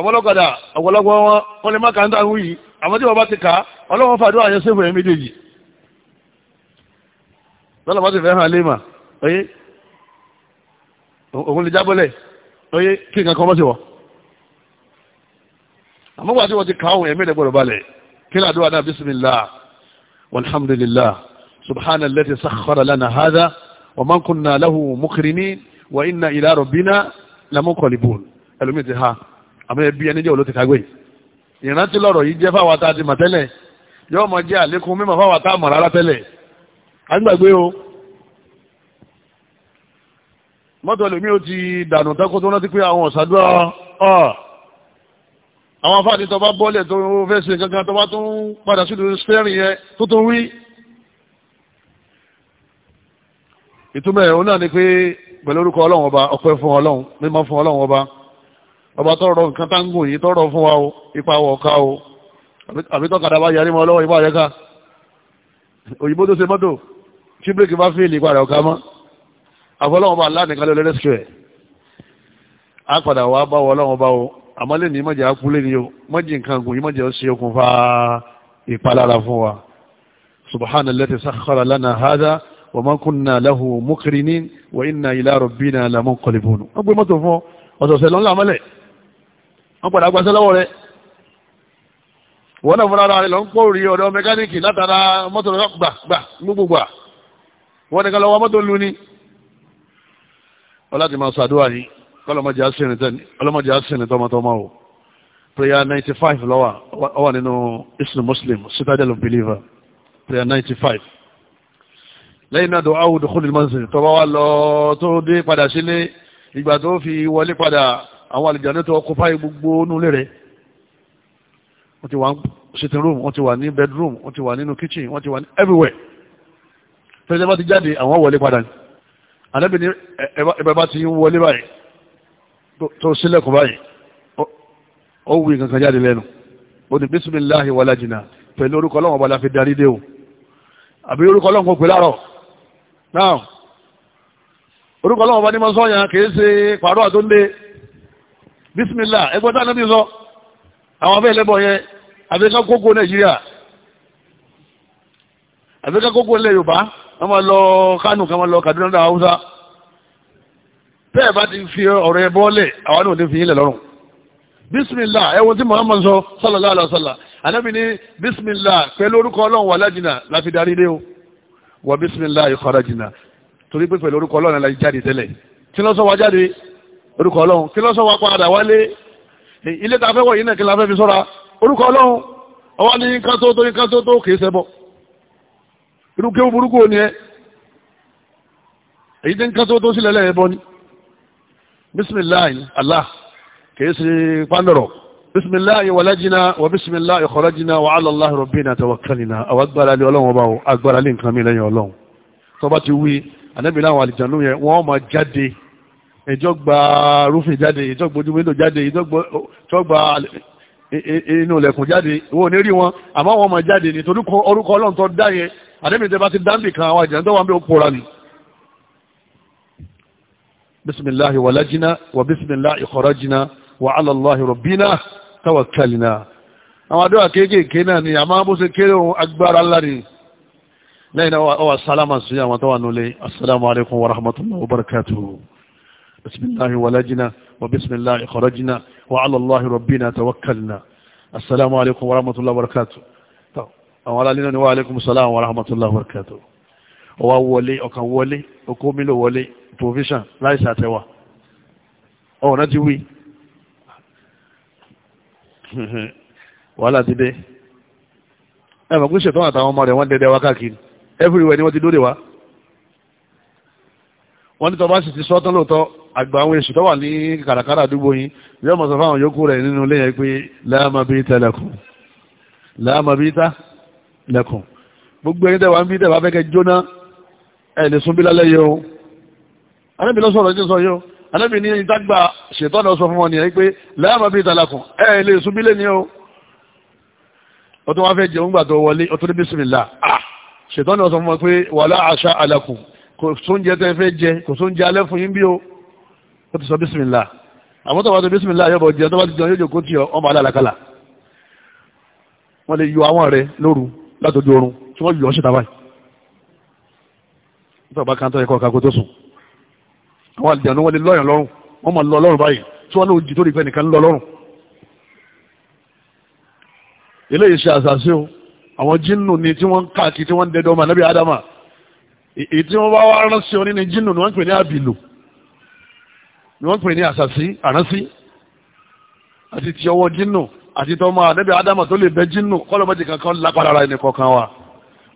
ọ̀pọ̀lọpọ̀dà ọ̀pọ̀lọpọ̀ wọn wọ́n lè má kà ń tàn wúyì àwọn tí wọ́n bá ti kà ọlọ́run fàdúrà yẹn sèfù ẹ̀ oye kí nǹkan kan bá ṣe wọ àmọ́gbà tí wọ́n ti kàwọn ẹ̀mí rẹ̀ gbọ́dọ̀ balẹ̀ kí ní àdúrà náà bismillah walhamdulillah subhana allati sakhkhara lana hadha wa man kunna lahu mukrinin wa inna ila rabbina lamunqalibun ẹlòmíì ti ha àmọ́ ẹbí ẹni jẹ́ olóòtú kagbé ìrántí lọ́rọ̀ yìí jẹ́ fáwọn tá a ti mà tẹ́lẹ̀ jẹ́ àlékún mímọ̀ fáwọn tá a mọ̀ agbàgbé o mọ́tò ẹlòmí ó ti dànù tako tó rántí pé àwọn ọ̀sàdúrà ọ̀ àwọn afáàdì tó bá bọ́ọ̀lẹ̀ tó fẹ́ ṣe gangan tó bá tó ń padà sí ìdúró spẹ́rìn yẹn tó tó wí. ìtumọ̀ ẹ̀hún náà ni pé pẹ̀lú orúkọ ọlọ́run ọba ọpẹ́ fún ọlọ́run mímọ́ fún ọlọ́run ọba ọba tọrọ nǹkan táǹgùn yìí tọrọ fún wa o ipa wọ̀ ká o àbí tọ́kadà bá yarí mọ́ ọlọ́wọ́ ìbá yẹ ká òyìnbó tó ṣe mọ́tò tí bírèkì bá fèèlì padà ọ̀ká mọ́ àfọlọ́wọ́n bá aláàdì kan lórí rescue ẹ̀ á padà wá bá wọ ọlọ́wọ́n bá o àmọ́ lè ní mọ̀jẹ̀ akú lè ní o mọ̀jẹ̀ nǹkan gùn yìí mọ̀jẹ̀ ó ṣe okùnfà ìpalára fún wa subhana lati sakhara lana hada wa ma kunna lahu mukrinin wa inna ila rabbina lamunqalibun wọ́n gbé mọ́tò fún ọ̀sọ̀ọ̀sẹ̀ lọ́nà àmọ́lẹ̀ wọ́n padà gbaṣẹ́ lọ́wọ́ rẹ̀ wọ́n náà fúnra rẹ̀ lọ ń pọ̀ rí ọ̀dọ̀ mẹkáníìkì látara mọ́tò rẹ̀ gbà gbà gbogbo gbà wọ́n ní ká lọ́wọ́ mọ́tò lu ni ọláti máa ṣàdúrà ní kọ́lọ́mọdé àṣìrìn tọmọtọmọ o prayer ninety five lọ́wà ọ wà nínú islam muslim citadel of believer prayer ninety five lẹ́yìn náà dọ̀wọ́ àwùdó kúlù mọ́sí tó bá wà lọ tó dé padà sílé ìgbà tó fi wọlé padà àwọn àlùjànnú tó ọkùnfà gbogbo nulẹ̀ rẹ̀ wọ́n ti wà ní sitting room wọ́n ti wà ní bedroom wọ́n ti wà nínú kitchen wọ́n ti wà ní everywhere fẹ́lẹ́ bá ti jáde àwọn wọlé padà ni ànábì ní ẹ̀bẹ̀ bá ti ń wọlé báyìí tó sílẹ̀kùn báyìí ó wù kankan jáde lẹ́nu ó ní bísímìláhì wàlá jìnnà pẹ̀lú orúkọ ọlọ́run ọba la fi darí dé o àbí orúkọ ọlọ́run kò pè láàrọ̀ náà orúkọ ọlọ́run ọba ní máa sọ́yàn kì í ṣe pàrọ̀ àtúndé bísímìlá ẹgbẹ́ tá ànábì sọ àwọn abẹ́ ẹlẹ́bọ̀ yẹn àbíká kókó nàìjíríà àbíká kókó ilẹ̀ yorùbá wọ́n máa lọ kánù kan máa lọ Kaduna dá Haúsá bẹ́ẹ̀ bá ti fi ọ̀rọ̀ ẹ bọ́ọ̀lẹ̀ àwọn náà ti fi ilẹ̀ lọ́rùn bisimilá ẹwọ́n tí Muhammad sọ sallallahu alaihi wasallam anábì ní bisimilá pẹ̀lú orúkọ Ọlọ́run wà lájìnà láfi darí dé o wà bisimilá ìkọ́rajìnà torí pé pẹ̀lú orúkọ Ọlọ́run láti jáde tẹ́lẹ̀ kí ló sọ wá jáde orúkọ Ọlọ́run kí ló sọ padà wálé ilé tá fẹ́ wọ̀ náà kí la fẹ́ fi sọ́ra orúkọ Ọlọ́run ọwọ́ ní kátó ní kátó tó kì irú kéwú burúkú ò ní ẹ èyí tí ń kán tó tó sílẹ̀ lẹ́yìn bọ́ ni bisimilahi allah kìí ṣe pàndọ̀rọ̀ bisimilahi walajina wa bisimilahi kharajina wa ala allahi rabbina tawakkalina àwọn agbára lé ọlọ́run ọba agbára lé nǹkan mi lẹ́yìn ọlọ́run tó bá ti wí anábìlá àwọn àlìjànú yẹn wọ́n máa jáde ìjọgba rúfin jáde ìjọgba ojú inú ilẹ̀kùn jáde owó ní rí wọn àmọ́ wọn máa jáde ní torí orúkọ ọlọ́run tó dá yẹn àdébìtẹ́ bá ti dáńbì kan àwọn àjẹ́ńtọ́ wa ń ó pòórá ni. bisimilahi walajina wa bisimilahi kharajina wa alalahi robina tawakkalina. àwọn adéwà kéékèèké náà ni àmọ́ bó ṣe kéré ohun agbára ńlá ni lẹ́yìn náà wà sálámà sí àwọn tó wà nílé asalaamualeykum wa rahmatulahi wa barakatuhu. بسم الله ولجنا وبسم الله خرجنا وعلى الله ربنا توكلنا السلام عليكم ورحمة الله وبركاته àwọn alẹ́ náà ni wà alaikum salam wa rahmatullahi wa barakatuh ọwá wọlé ọkàn wọlé okó mílò wọlé provision láìsí àtẹwà ọ̀nà ti wí wàhálà ti dé ẹ̀mọ̀ kú ṣètọ́ àtàwọn ọmọ rẹ̀ wọ́n dẹ́dẹ́ wákàkiri everywhere ni wọ́n ti dóde wá wọ́n ní tọba sì ti sọ́tán lóòótọ́ àgbà àwọn èṣù tó wà ní kàràkàrà àdúgbò yín yóò mọ̀ sọ fáwọn yòókù rẹ̀ nínú ilé yẹn pé láàmàbíta lẹ́kùn láàmàbíta lẹ́kùn gbogbo ẹni tẹ́wàá ń bí tẹ́wàá fẹ́kẹ́ jóná ẹ̀ lè sún bí lálẹ́ yìí o anábì lọ́sọ̀rọ̀ ní sọ yìí o anábì ní ìtagbà ṣètọ́ náà sọ fún wọn nìyẹn pé láàmàbíta wá fẹ́ jẹun gbà wọlé ó tún ní bísímìlá ṣètọ́ náà sọ fún wọn pé wàlá àṣà àlàkùn kò sóúnjẹ tẹ́ fẹ́ jẹ kò sóúnjẹ alẹ́ fún yín bí o ó ti sọ bísímìlá àwọn tó bá tó bísímìlá yọ̀bọ̀ jẹ tó bá ti jẹun yóò jókòó tì ọ ọmọ alálàkàlà wọ́n lè yọ àwọn rẹ lóru látọjú oorun tí wọ́n yọ ọ́ síta báyìí nítorí bá kàńtọ́ ẹ̀kọ́ kakó tó sùn àwọn àlìjànú wọ́n lè lọ́yàn lọ́rùn wọ́n máa lọ lọ́rùn báyìí tí wọ́n lóòjì tó rí nìkan lọ lọ́rùn eléyìí ṣe àṣàṣe o àwọn jínnù ni tí wọ́n ń káàkiri tí wọ́n ń ọmọ ànábì ádámà èyí tí wọ́n bá wá ránṣẹ́ oní ní jínù ni wọ́n ń pè ní àbìlù ni wọ́n ń pè ní àṣàṣí àránsí àti ti ọwọ́ jínù àti tọ́mọ àdẹ́bẹ̀ ádámà tó lè bẹ jínù kọ́lọ́mọ́tì kankan lápálára ẹni kọ̀ọ̀kan wa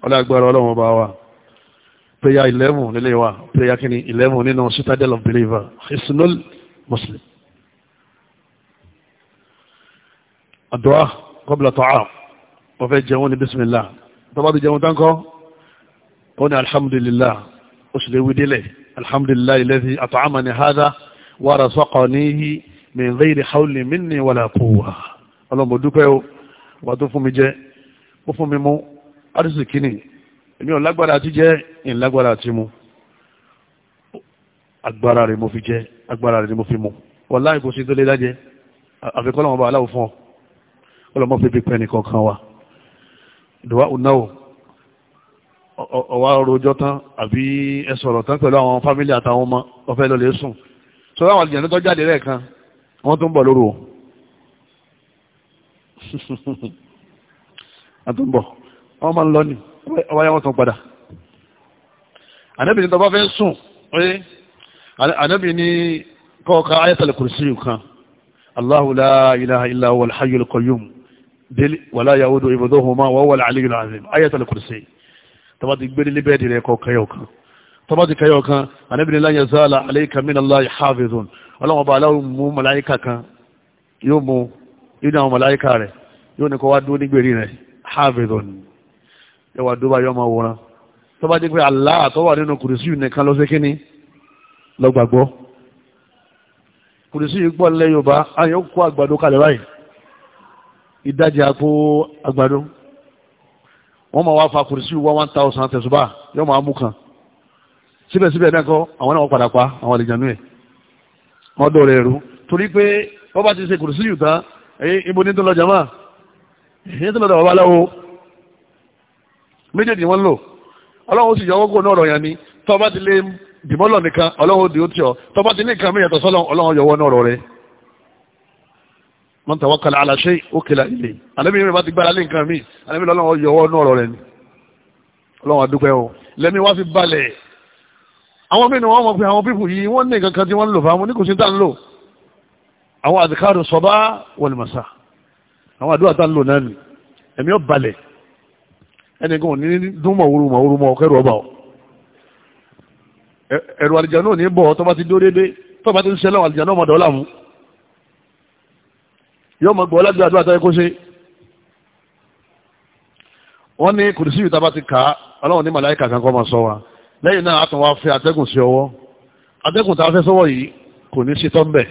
ọlọ́gbẹ̀rẹ̀ ọlọ́run bá wa prayer eleven nílé wa prayer kìíní eleven nínú citadel of believer hisnul muslim àdúrà kọ́bìlà tọ́à wọ́n fẹ́ jẹun ní bísímìlá ó ní alhamdulillah ó sì lè wí délẹ̀ alhamdulillah alladhi at'amani hadha wa razaqanihi min ghayri hawlin minni wala quwwa ọlọ́mọ dúpẹ́ o wà tó fún mi jẹ ó fún mi mú àdìsí kínní èmi ò lágbára àti jẹ ìlágbára àti mu agbára rẹ̀ mo fi jẹ agbára rẹ̀ mo fi mu wallahi kò sí tó lé lájẹ àfikún ọlọ́mọba aláwọ̀ fún ọ ọlọ́mọ fi bí pẹ́ nìkan kan wa ìdùwà òun náà ọwá rojọ́ tán àbí ẹsọ̀rọ̀ tán pẹ̀lú àwọn fámílì àtàwọn ọmọ ọfẹ́ lọ lè sùn sọ láwọn àlìjẹ̀nú tó jáde lẹ́ẹ̀kan wọ́n tó ń bọ̀ lóru o àtúnbọ̀ wọ́n máa ń lọ ní ọwáyá wọn tán padà ànábì ní tó bá fẹ́ sùn oye ànábì ní kọ́ọ̀ka ayatul kursi kan Allahu la ilaha illa huwal hayyul qayyum wala ya'udu ibduhuma wa huwal aliyyul azim ayatul kursi tọba ti gbére lébẹ́ẹ̀dì rẹ̀ kọ kẹyọ kan tọba ti kẹyọ kan anábìnrin láyé sáàlà alayka minallahi hafizun ọlọ́wọ́n bá aláwọ̀ mú màláíkà kan yóò mú inú àwọn màláíkà rẹ̀ yóò ní kọ́ wá dúró nígbèrè rẹ̀ hafizun yóò wá dúró bá yọ ọmọ wòran tọba ti pé Allah tó wà nínú kùrìsì nìkan lọ́sẹ̀ kínní lọ́gbàgbọ́ kùrìsì gbọ́ lẹ́yìn ọba ayọ̀ kó àgbàdo kalẹ̀ báyìí ìdajì àpò àgbàdo wọ́n máa wá fa wá one thousand tẹ̀sùbà yóò máa mú kan síbẹ̀síbẹ̀ náà kọ́ àwọn náà padà pa àwọn àlejànú ẹ̀ wọ́n dọ̀rọ̀ ẹ̀rú torí pé wọ́n bá ti ṣe kùrìsì yù tán ẹ̀yìn ibo ní tó lọ jàmá ẹ̀yìn tó lọ dọ̀ babaláwo méjèèjì wọ́n lò ọlọ́run sì yọwọ́ kó náà ọ̀rọ̀ yẹn ni tọ́ bá ti lé dìmọ́lọ̀ nìkan ọlọ́run di ó tì ọ́ tọ́ bá ti ní man tawakkala ala shay ukila ilay àlẹ́mí yẹn bá ti gbára lé nǹkan mi àlẹ́mí lọ́lọ́wọ́ yọwọ́ náà ọ̀rọ̀ rẹ̀ ni ọlọ́wọ́ adúpẹ́ o lẹ́mí wá fi balẹ̀ àwọn mí ni wọ́n mọ̀ pé àwọn pípù yìí wọ́n ní kankan tí wọ́n ń lò fáwọn ní kò sí tá ń lò àwọn àdìkáàdù sọ́bá wal masa àwọn àdúrà tá ń lò náà ni ẹ̀mí ọ̀ balẹ̀ ẹnì kan ní dún mọ̀wúrú mọ̀wúrú yóò mọ̀ gbọ́ lágbàá àdúrà táyé kó ṣe wọ́n ní kùrìsí yìí tábà ti kà á ọlọ́run ní màláìkà kan kọ́ máa sọ wa lẹ́yìn náà a tún wá fẹ́ atẹ́gùn sí ọwọ́ atẹ́gùn tá a fẹ́ sọ́wọ́ yìí kò ní sí tọ́ḿbẹ̀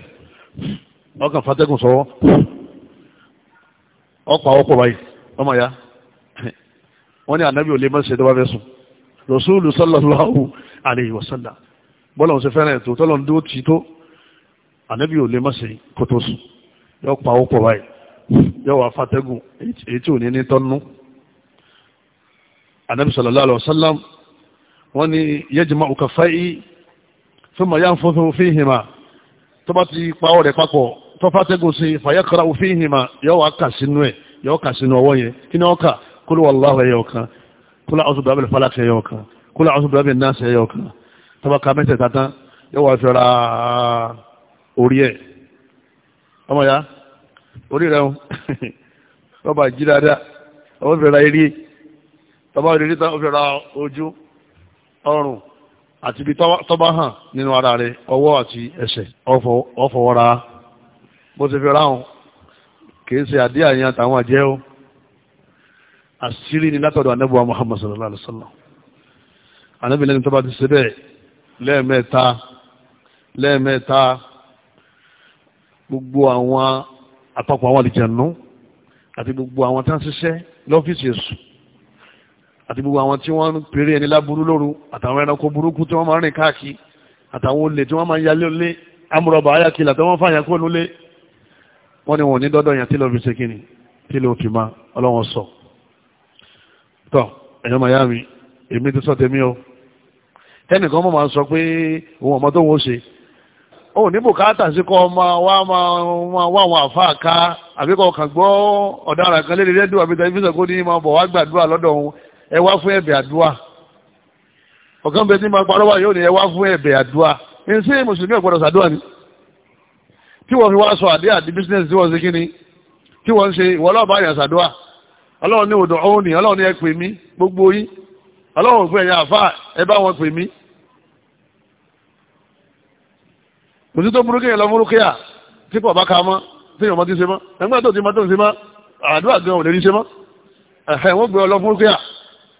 ọkàn fatẹ́gùn sọ́wọ́ ọ̀pọ̀ àwọn ọkọ̀ báyìí ọmọ ya wọ́n ní ànábì olè mọ́sẹ̀ tó bá fẹ́ sùn Rasulu sallallahu alayhi wa sallam bọ́lá òun ṣe fẹ́ràn ètò tọ́lọ́ ń dúró tì tó ànábì yóò pa owó pọ̀ báyìí yóò wá fatẹ́gùn èyí tí ò ní ní tọ́nú anabi sallallahu alaihi wasallam wọ́n ní yajma'u kaffayhi thumma yanfuthu fihima tó bá ti pa ọwọ́ rẹ̀ papọ̀ tó fatẹ́gùn sí fayaqra'u fihima yóò wá kà sínú ẹ̀ yóò kà sínú ọwọ́ yẹn kí ni wọ́n kà kul huwallahu ẹ̀yọ̀ kan kul a'udhu bi rabbil falaq ẹ̀yọ̀ kan kul a'udhu bi rabbin nas ẹ̀yọ̀ kan tó bá ka mẹ́tẹ̀ẹ̀ta tán yóò wá fi orí ẹ̀ ọmọ ya orí rẹ̀ ń rọ́bà jí dáadáa ọwọ́ fẹ́ eré ojú ọrùn àti ibi tọ́ba hàn nínú ara rẹ ọwọ́ àti ẹsẹ̀ ọ̀fọ̀wọ́ra bó ti fi ráhùn kì í ṣe àtàwọn àjẹ́ o àṣírí ni Muhammad sallallahu alaihi wa sallam gbogbo àwọn àpapọ̀ àwọn àlìjànú àti gbogbo àwọn tí wọ́n ṣiṣẹ́ lọ́fíìsì èṣù àti gbogbo àwọn tí wọ́n ń pèrè ẹni láburú lóru àtàwọn ẹranko burúkú tí wọ́n máa ń rìn káàkiri àtàwọn olè tí wọ́n máa ń yalé olé amúrọ̀bà ayákìlà tí wọ́n fàyàn kó nulé wọ́n ní wọn ní dọ́dọ̀ yẹn tí lọ́ọ́ fi ṣe kíni tí lọ́ọ́ fi máa ọlọ́wọ́n sọ. tọ́ ẹ̀yọ́ màyá mi èmi ti sọ tèmi o ẹnìkan mọ̀ máa sọ pé òun ọmọ tó wọ́n ṣe ó ní bùkátà sí kọ́ ọmọ wa máa wá àwọn àfáà ká àbíkọ́ kàn gbọ́ ọ̀daràn kan lé rédíò àbí tẹlifíṣàn kó ní máa bọ̀ wá gbàdúrà lọ́dọ̀ òun ẹ wá fún ẹ̀bẹ̀ àdúrà ọ̀kan bẹ tí máa parọ́ wá yóò ní ẹ wá fún ẹ̀bẹ̀ àdúrà ní sí mùsùlùmí ọ̀gbọ́dọ̀ sàdúrà ni tí wọ́n fi wá sọ àdé àdé bísínẹ́sì tí wọ́n ṣe kíni tí wọ́n ṣe ìwọ ni ọlọ́run ní ẹ pè mí gbogbo yín ọlọ́run kò sí tó burú kéèyàn lọ burú kéèyà tí kò bá ka mọ́ tí yọ̀mọ́ ti ṣe mọ́ ẹgbẹ́ tó ti mọ́ tó ń ṣe mọ́ àdúrà gan ò lè rí ṣe mọ́ ẹ̀hẹ́ wọ́n gbé ọ lọ kéèyà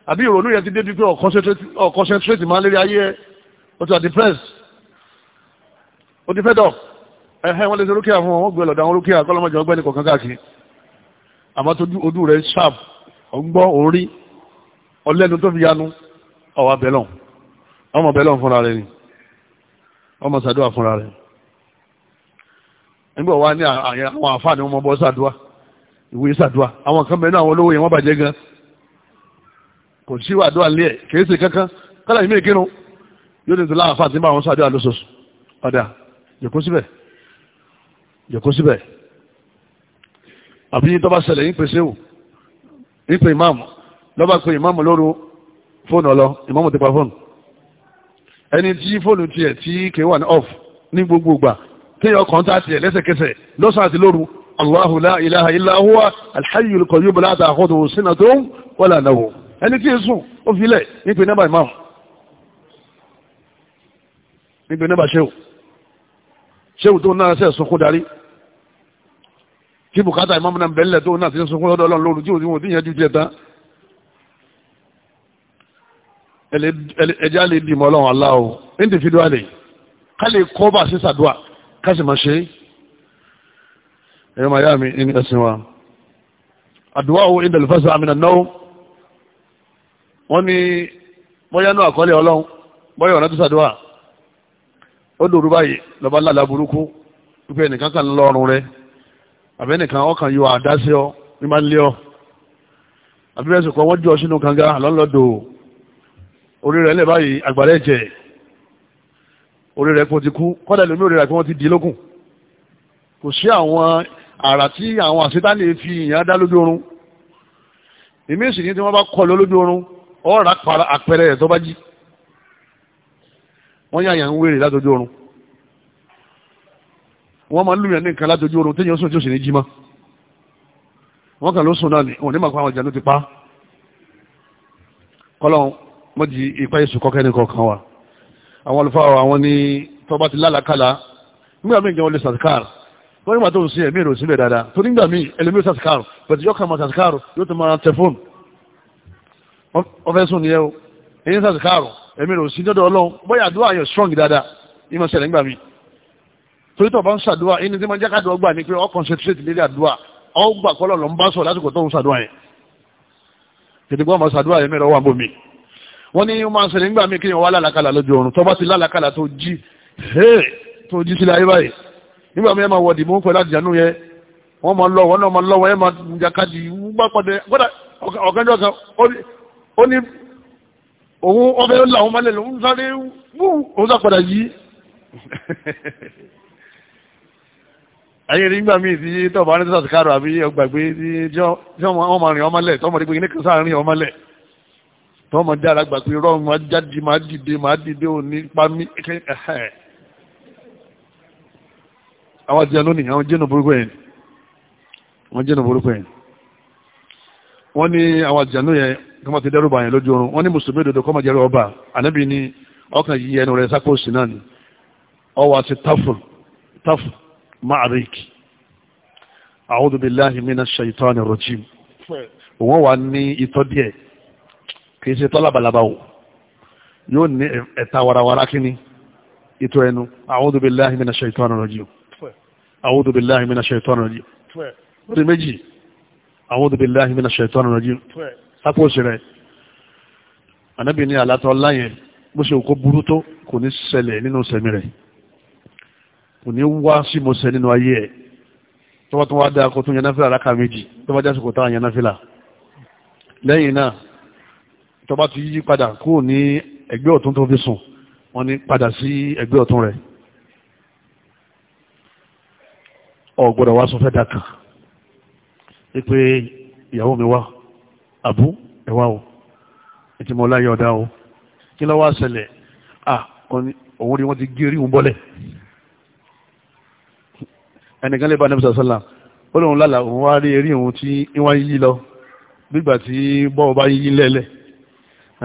àbí ìrònú yẹn ti dé bí pé ọ̀ concentrate máa lérí ayé ẹ o ti wà depressed o ti fẹ́ dọ̀ ẹ̀hẹ́ wọ́n lè ṣe rúkìá fún wọn wọ́n gbé ọlọ́dọ̀ àwọn rúkìá kọ́lọ́mọjọ ọgbẹ́ni kọ̀ọ̀kan káàkiri àmọ́ tó ojú rẹ̀ sharp ọgbọ́ orí ọlẹ́nu tó fi nígbà wá ní àwọn àfáà ni wọ́n mọ́ bọ́ sàdúà ìwé sàdúà àwọn kan mẹ́rin àwọn olówó yẹn wọ́n bàjẹ́ gan kò sí àdúà lé ẹ̀ kìí ṣe kankan kọ́lá ìmí ìkírun yóò ní tòlá àfáà tí bá àwọn sàdúà lóṣooṣù ọ̀dà jòkó síbẹ̀ jòkó síbẹ̀ àbí tó bá ṣẹlẹ̀ yín pèsè wò yín pè ìmáàmù lọ́ba pè ìmáàmù lóru fóònù ọlọ ìmáàmù ti pa fóònù ẹni tí fóònù tiẹ̀ tí kì í wà ní ọ̀f ní gbogbo ìgbà téèyàn kan tá tiẹ̀ lẹ́sẹ̀kẹsẹ̀ lọ́sàn àti lóru Allahu la ilaha illa huwa al-hayyul qayyum la ta'khudhuhu sinatun wala nawm ẹni tí ń sùn ó fi lẹ̀ nípe nẹ́bà ìmáà nípe nẹ́bà ṣéwù ṣéwù tó náà sẹ́ sunkún darí kí bùkátà ìmáàmù náà bẹ̀lẹ̀ tó náà ti ń sunkún lọ́dọ̀ ọlọ́run lóru tí òun ti yẹn ju lè ká lè kọ́ bá sí sàdúà kásì máa ṣe ẹ̀yọ́ máa yá mi ní ẹ̀sìn wa àdúrà owó ìdẹ̀lùfẹ́sà àmìnà náà wọ́n ní bọ́yá náà àkọọ́lẹ̀ ọlọ́run bọ́yá ọ̀nà tó sàdúrà ó dòrú báyìí lọ́ba lálàá burúkú wípé ẹnìkan kan lọ́rùn rẹ àbẹ́ nìkan ọkàn yóò àdá sí ọ ní máa ń lé ọ àbí bẹ́ẹ̀ sọ̀kọ́ wọ́n jù sínú kànga lọ́nlọ́dọ̀ orí rẹ̀ lẹ́ báyìí àgbàlẹ́ jẹ́ orí rẹ̀ kò ti kú kọ́dà lómi orí rẹ̀ kí wọ́n ti di lókun kò sí àwọn àrà tí àwọn àṣetánì fi ìyàn dá lójú oorun èmi sì ní tí wọ́n bá kọ́ lọ lójú oorun ọ̀rà àpẹẹrẹ rẹ̀ tó bá jí wọ́n yà yàn ń wèrè látọjú oorun wọ́n máa ń lùyàn ní látọjú oorun téèyàn sùn tí ó sì ní jí mọ́ wọ́n kàn ló sùn náà ní òní màkà àwọn ìjànú ti pa kọ́lọ́n mọ́jì ìpáyèsù kọ́kẹ́ ní kọ̀ọ̀kan wa àwọn olùfàwọ̀ àwọn ní tọba ti lálàkàlà nígbà míì gan olè sàtìkàr wọ́n nígbà tó ń sin ẹ̀mí rò síbẹ̀ dáadáa tó nígbà míì ẹlẹ́mí sàtìkàr pẹ̀tù yọkàn máa sàtìkàr yóò tó máa tẹfóònù ọfẹ́ sùn nìyẹn o ẹ̀yìn sàtìkàr ẹ̀mí rò sí dọ́dọ̀ ọlọ́run bóyá àdúrà yẹn strong dáadáa ìmọ̀ sẹ̀lẹ̀ nígbà míì bá ń sàdúrà ni pé ọ concentrate lérí àdúrà ọ gbà kọ́lọ̀ lọ́ ń bá sọ lásìkò tó ń wọ́n ní máa ń ṣẹlẹ̀ nígbà míì kéèyàn wá lálàkàlà lójú oorun tó bá ti lálàkàlà tó jí tó jí sílẹ̀ ayé báyìí nígbà míì ẹ máa wọ̀dì mú pẹ̀lú àdìjánú yẹn wọ́n máa lọ wọ́n náà máa lọ́wọ́ ẹ máa jàkadì gbá pàdé kódà ọ̀gánjọ́ kan ó ní òun ọbẹ̀ làwọn máa lè lòun sáré wú òun sàpadà yìí ayé nígbà míì tí tọ́ọ̀bù anísàtìkárò àbí ọgbàgbé tí wọ́n máa rìn ọmọlẹ̀ tọ́mọdé tí wọ́n mọ̀ dé alágbà pé rọ́ọ̀mù máa jáde máa dìde máa dìde ò ní pamí àwọn àti ẹlónìí àwọn jẹ́nà burúkú yẹn wọ́n jẹ́nà burúkú yẹn wọ́n ní àwọn àti ẹlónìí yẹn kí wọ́n ti dẹ́rù bàyẹn lójú oorun wọ́n ní mùsùlùmí òdodo kọ́ máa jẹ́rù ọba ànábì ní ọkàn yìí ẹnu rẹ̀ sákòsì náà ni ọwọ́ àti tafu tafu ma'arik a'udhu billahi minash shaitani rajim òun wà ní ìtọ́ díẹ̀ kìí ṣe tọ́lá balaba o yóò ní ẹ̀ta warawara kíní ìtọ́ ẹnu a'udhu billahi minash shaitanir rajim a'udhu billahi minash shaitanir rajim ó di méjì a'udhu billahi minash shaitanir rajim sápò ṣẹlẹ̀ ànábì wá dáa kó tún yanáfíà lákà méjì tó bá jásìkò táwọn yanáfíà lẹ́yìn náà tó bá ti yí padà kúrò ní ẹgbẹ́ ọ̀tún tó fi sùn wọ́n ní padà sí ẹgbẹ́ ọ̀tún rẹ̀ ọ̀gbọ́dọ̀ wá sọ fẹ́ dàkà wípé ìyàwó mi wá àbú ẹ̀wá o ètí mọ́ láyé ọ̀dá o kí ló wá ṣẹlẹ̀ à òun ni wọ́n ti gé ríhun bọ́lẹ̀ ẹnìkan lè bá nẹ́bùsà sọ́là ó lóun lálàá òun wá rí eríhun tí wọ́n yí lọ nígbà tí bọ́ọ̀ bá yí lẹ́lẹ̀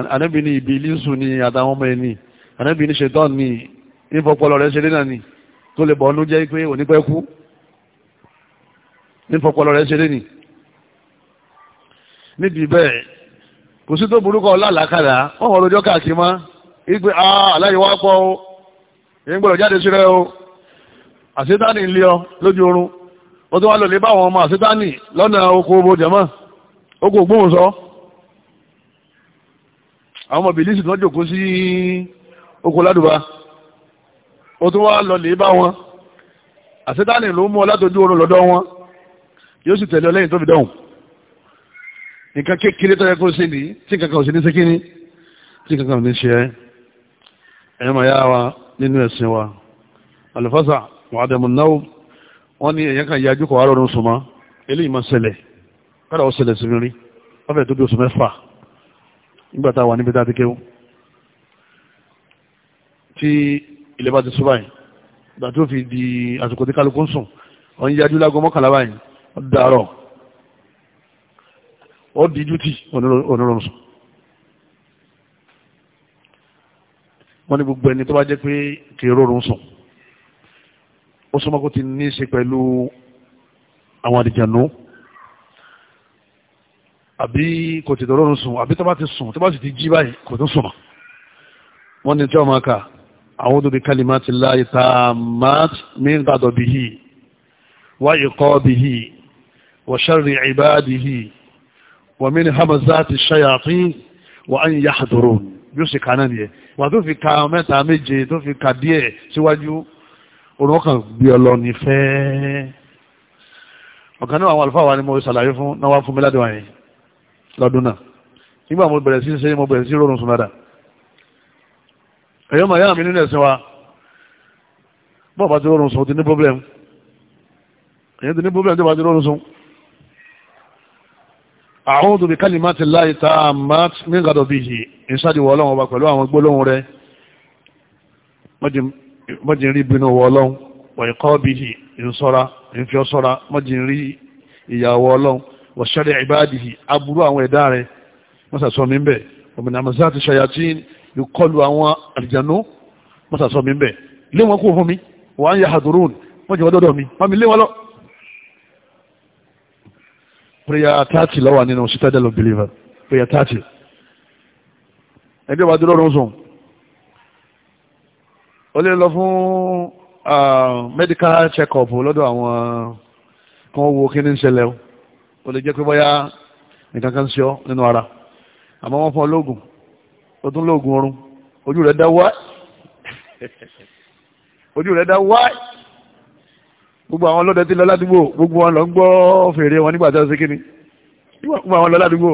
anábì ní ìbílísù ni àtàwọn ọmọ ẹni anábì ní ṣetán ni nífọpọlọ rẹ ṣe léna ni tó lè bọ̀ ọ́nú jẹ́ pé onípẹ́ kú nífọpọlọ rẹ ṣe léni níbi bẹ́ẹ̀ kò sí tó burúkọ lálàkàdà wọ́n wọ́n lójọ́ káàkiri mọ́ igbe ah, aláyé wá pọ̀ o èyí gbọ́dọ̀ jáde sí rẹ o àṣetánì ń lé ọ lójú oorun ó tún wá lò lé báwọn ọmọ àṣetánì lọ́nà oko obo jẹ̀mọ́ oko ògbóhùn àwọn ọmọ bìlísì tó jòkó sí oko ládùbá ó tún wá lọlẹ̀ bá wọn àṣetánì ló mú ọ látọjú oorun lọ́dọ̀ wọn yóò sì tẹ̀lé ọ lẹ́yìn tó fi dọ̀hùn nǹkan kékeré tó yẹ kó sí ni tí nǹkan kan ò sí ní sékíní tí nǹkan kan ò ní ṣe ẹ ẹ̀yìn màá yá wa nínú ẹ̀sìn wa àlùfáàsà wàdàmù náà wọ́n ni ẹ̀yẹ́ kan yájú kọ̀ wá rọrùn sùnmọ́ eléyìí máa ṣẹlẹ̀ kọ́dà ó ṣẹlẹ̀ sí mi rí wọ́n fẹ́ẹ́ tó oṣù mẹ́fà nígbà tá a wà níbi tá a ti kéwú tí ilẹ̀ bá ti sùn báyìí ìgbà tó fi di àsìkò tí kálukú ń sùn ọ̀n yájú lágọ́ mọ́kànlá báyìí ó dàárọ̀ ó di jútì onírọ̀rùn sùn. wọ́n ní gbogbo ẹni tó bá jẹ́ pé kì rọrùn sùn ó súnmọ́ kó ti ní í ṣe pẹ̀lú àwọn àdìjànú àbí kò tètè lọ́rùn sùn àbí tó bá ti sùn tó bá sì ti jí báyìí kò tó sùn mọ́ wọ́n ní tí wọ́n máa kà a'udhu bi kalimati llahi tammati min ghadabihi wa iqabihi wa sharri ibadihi wa min hamazati shayatin wa an yahdurun bí ó sì kà náà nìyẹn wà tó fi ka mẹ́ta méje tó fi ka díẹ̀ síwájú òun kàn gbé ní fẹ́ẹ́ ọ̀kan náà àwọn àlùfáà wa ni mo ṣàlàyé fún náà wá fún mi ládùn àyè lọ́dún náà nígbà mo bẹ̀rẹ̀ sí ṣe mo bẹ̀rẹ̀ sí rọrùn sùn dáadáa ẹ̀yọ́ màá yá mi nínú ẹ̀sìn wa bọ́ọ̀ bá ti rọrùn sùn ti ní problem èyí ti ní problem tó bá ti rọrùn sùn. a'udhu bi kalimati llahi tammati min ghadabihi ìṣàdìwọ̀ ọlọ́run ọba pẹ̀lú àwọn gbólóhùn rẹ̀ mọ́jìn rí bínú wọ ọlọ́run wọ̀nyí kọ́ bíi ìṣọ́ra ìfiọ́sọ́ra mọ́jìn rí ìyàwó ọlọ́run wa sharri ibadihi aburú àwọn ẹ̀dá rẹ̀ mọ́sàsọ́ mi ń bẹ̀ ọ̀mìn àmọ́sá ti ṣayatin ìkọlù àwọn àlìjànú mọ́sàsọ́ mi ń bẹ̀ lé wọn kó fún mi wà á ń yà hadurun wọ́n jẹ́ wọ́n dọ́dọ̀ mi wọ́n mi lé wọn lọ. prayer thirty lọ́wọ́ nínú citadel of believer prayer thirty ẹgbẹ́ wa dúró rún ó lè lọ fún ah, medical check up lọ́dọ̀ àwọn kan wo kí ni ń ṣẹlẹ̀ o kò lè jẹ́ pé bóyá nǹkan kan ṣe ọ́ nínú ara àmọ́ wọ́n fún ọ lóògùn ó tún lóògùn oorun ojú rẹ̀ dá wáì ojú rẹ̀ dá wáì gbogbo àwọn ọlọ́dẹ tí lọ ládùúgbò gbogbo wọn lọ ń gbọ́ fèrè wọn nígbà tí wọ́n ṣe kíni gbogbo àwọn lọ ládùúgbò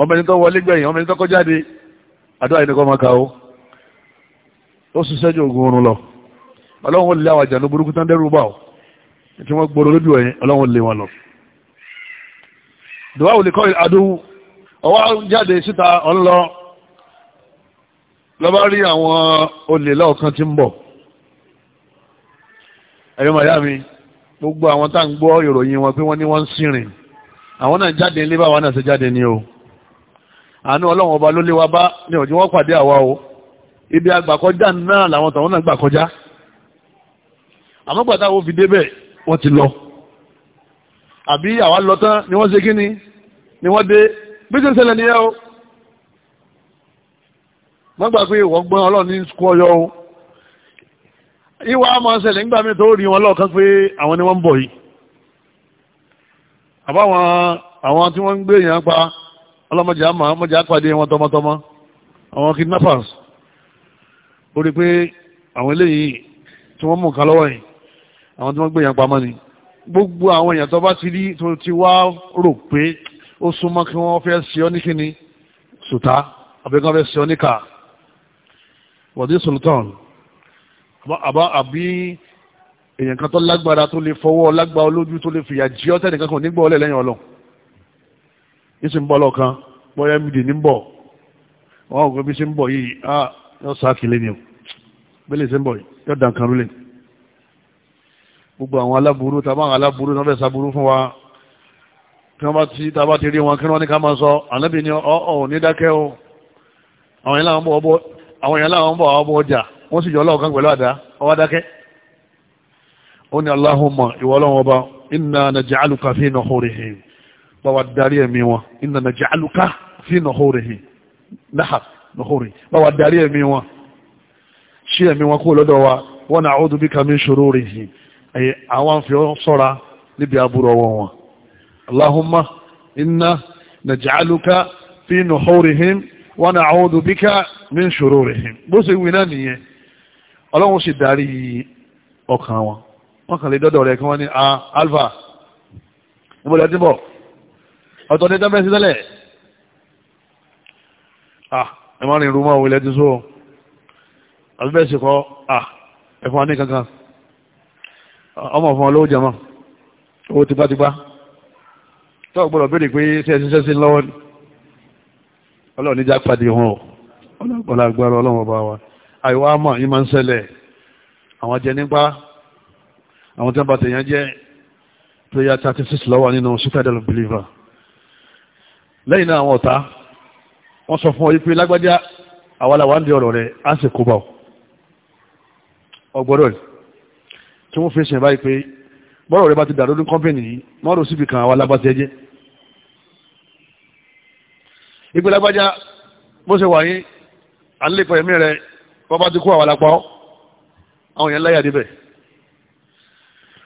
ọmọ ẹni tó wọlé gbẹ̀yìn ọmọ ẹni tó kọjá de àdó àyẹnìkọ́ máa kà ó ó ṣiṣẹ́ ju oògùn oorun lọ ọlọ́run ó lé àwọn àjànú burúkú tán dẹ́rù bá ọ tí wọ́n gbọ́rọ̀ lójú ẹ̀yìn ọlọ́run lè wọn lọ dùwà ò lè kọ́ àdúwù ọwọ́ jáde síta ọlọ́ lọ́bá rí àwọn olè lọ́ọ̀kan tí ń bọ̀ ẹ̀yọ́ màyá mi gbogbo àwọn tá à ń gbọ́ ìròyìn wọn pé wọ́n ní wọ́n ń sìnrìn àwọn náà jáde nílé báwa náà ṣe jáde ní o àánú ọlọ́run ọba ló lé wa bá ní ọjọ́ wọ́n pàdé àwa o ibi àgbàkọjá náà làwọn tàwọn náà gbà kọjá àmọ́gbàtà wo fi débẹ̀ wọ́n ti lọ àbí àwa lọ tán ni wọ́n ṣe kí ni ni wọ́n dé bí ṣe ń ṣẹlẹ̀ nìyẹn o wọ́n gbà pé ìwọ́n gbọ́n ọlọ́run ní sukú ọyọ́ o a àmọ́ ṣẹlẹ̀ nígbà mi tó rí wọn lọ́ọ̀kan pé àwọn ni wọ́n ń bọ̀ yìí àbáwọn àwọn tí wọ́n ń gbé èèyàn pa ọlọ́mọdé àmọ́ ọmọdé àpàdé wọn tọmọtọmọ àwọn kidnappers ó rí pé àwọn eléyìí tí wọ́n mú nǹkan lọ́wọ́ yìí àwọn tí wọ́n gbé yẹn pamọ́ ni gbogbo àwọn èèyàn tó bá ti rí tó ti wá rò pé ó súnmọ́ kí wọ́n fẹ́ ṣe ọ́ ní kíni sùtá àbí kí wọ́n fẹ́ ṣe ọ́ wọ̀dí sultan àbá àbí èèyàn kan tó lágbára tó lè fọwọ́ lágbá olójú tó lè fìyà jí ọ́ tẹ́nìkan kan nígbà ọlẹ́ lẹ́yìn ọlọ́ yìí sì ń bọ́ lọ́kan bóyá md ní ń bọ̀ wọ́n ò gbé bí sí ń bọ̀ yìí ah, yóò sáà kìlẹ̀ ni o bí lè sí ń bọ̀ yóò dàn kan rúlẹ̀ gbogbo àwọn aláburú tàbá aláburú náà fẹ́ sàburú fún wa tí wọ́n bá ti tàbá ti rí wọn kí wọ́n ní ká máa sọ ànábì ni ọ̀ọ̀ ní dákẹ́ o àwọn yẹn láwọn bọ̀ àwọn bọ̀ ọjà wọ́n sì jọ ọlọ́ọ̀kan pẹ̀lú àdá ọwá dákẹ́ ó ní Allahumma ìwọ ọlọ́run ọba inna naj'aluka fi nuhurihim bá wa darí ẹ̀mí wọn àwọn fi sọ́ra níbi aburú ọwọ́ wọn Allahumma inna naj'aluka fi nuhurihim wa na'udhu bika min shururihim bó ṣe wí náà nìyẹn ọlọ́run sì darí ọkàn wọn wọ́n kàn lè dọ́dọ̀ rẹ̀ kí wọ́n ní alfa ìbọ̀lẹ̀ tí bọ̀ ọ̀tọ̀ ní tẹ́fẹ́ sí tẹ́lẹ̀ ah ẹ̀mọ́rin rúmọ́ òwúlẹ̀ tí só àbíbẹ̀ sí kọ́ ah ẹ̀fọn ní kankan ọmọ fún ọlọ́wọ́ jẹmọ́ owó tipátipá tó gbọ́dọ̀ bèèrè pé sẹ́sẹ́sẹ́sẹ́ lọ́wọ́ ọlọ́run níjà pàdé wọn ọlọ́gbọ́n ọlọ́run ọba wa àìwá mọ̀ yí máa ń ṣẹlẹ̀ àwọn jẹ nípa àwọn tí wọ́n bá tèèyàn jẹ́ prayer thirty six lọ́wọ́ nínú citadel believer lẹ́yìn náà àwọn ọ̀tá wọ́n sọ fún ọ yìí pé lágbájá àwa làwọn á ń di ọ̀rọ̀ rẹ̀ á sì kó bá ọ ọgbọ́dọ̀ rẹ̀ tí wọ́n fèsì báyìí pé bọ́rọ̀ rẹ bá ti dàdó ní kọ́mpẹ́nì yìí mọ́rọ̀ síbi kan àwọn alábàtẹ́ jẹ́ ìgbélágbájá bó ṣe wà yín à ń lépa ẹ̀mí rẹ wọ́n bá ti kó àwọn alápá àwọn èèyàn láyà níbẹ̀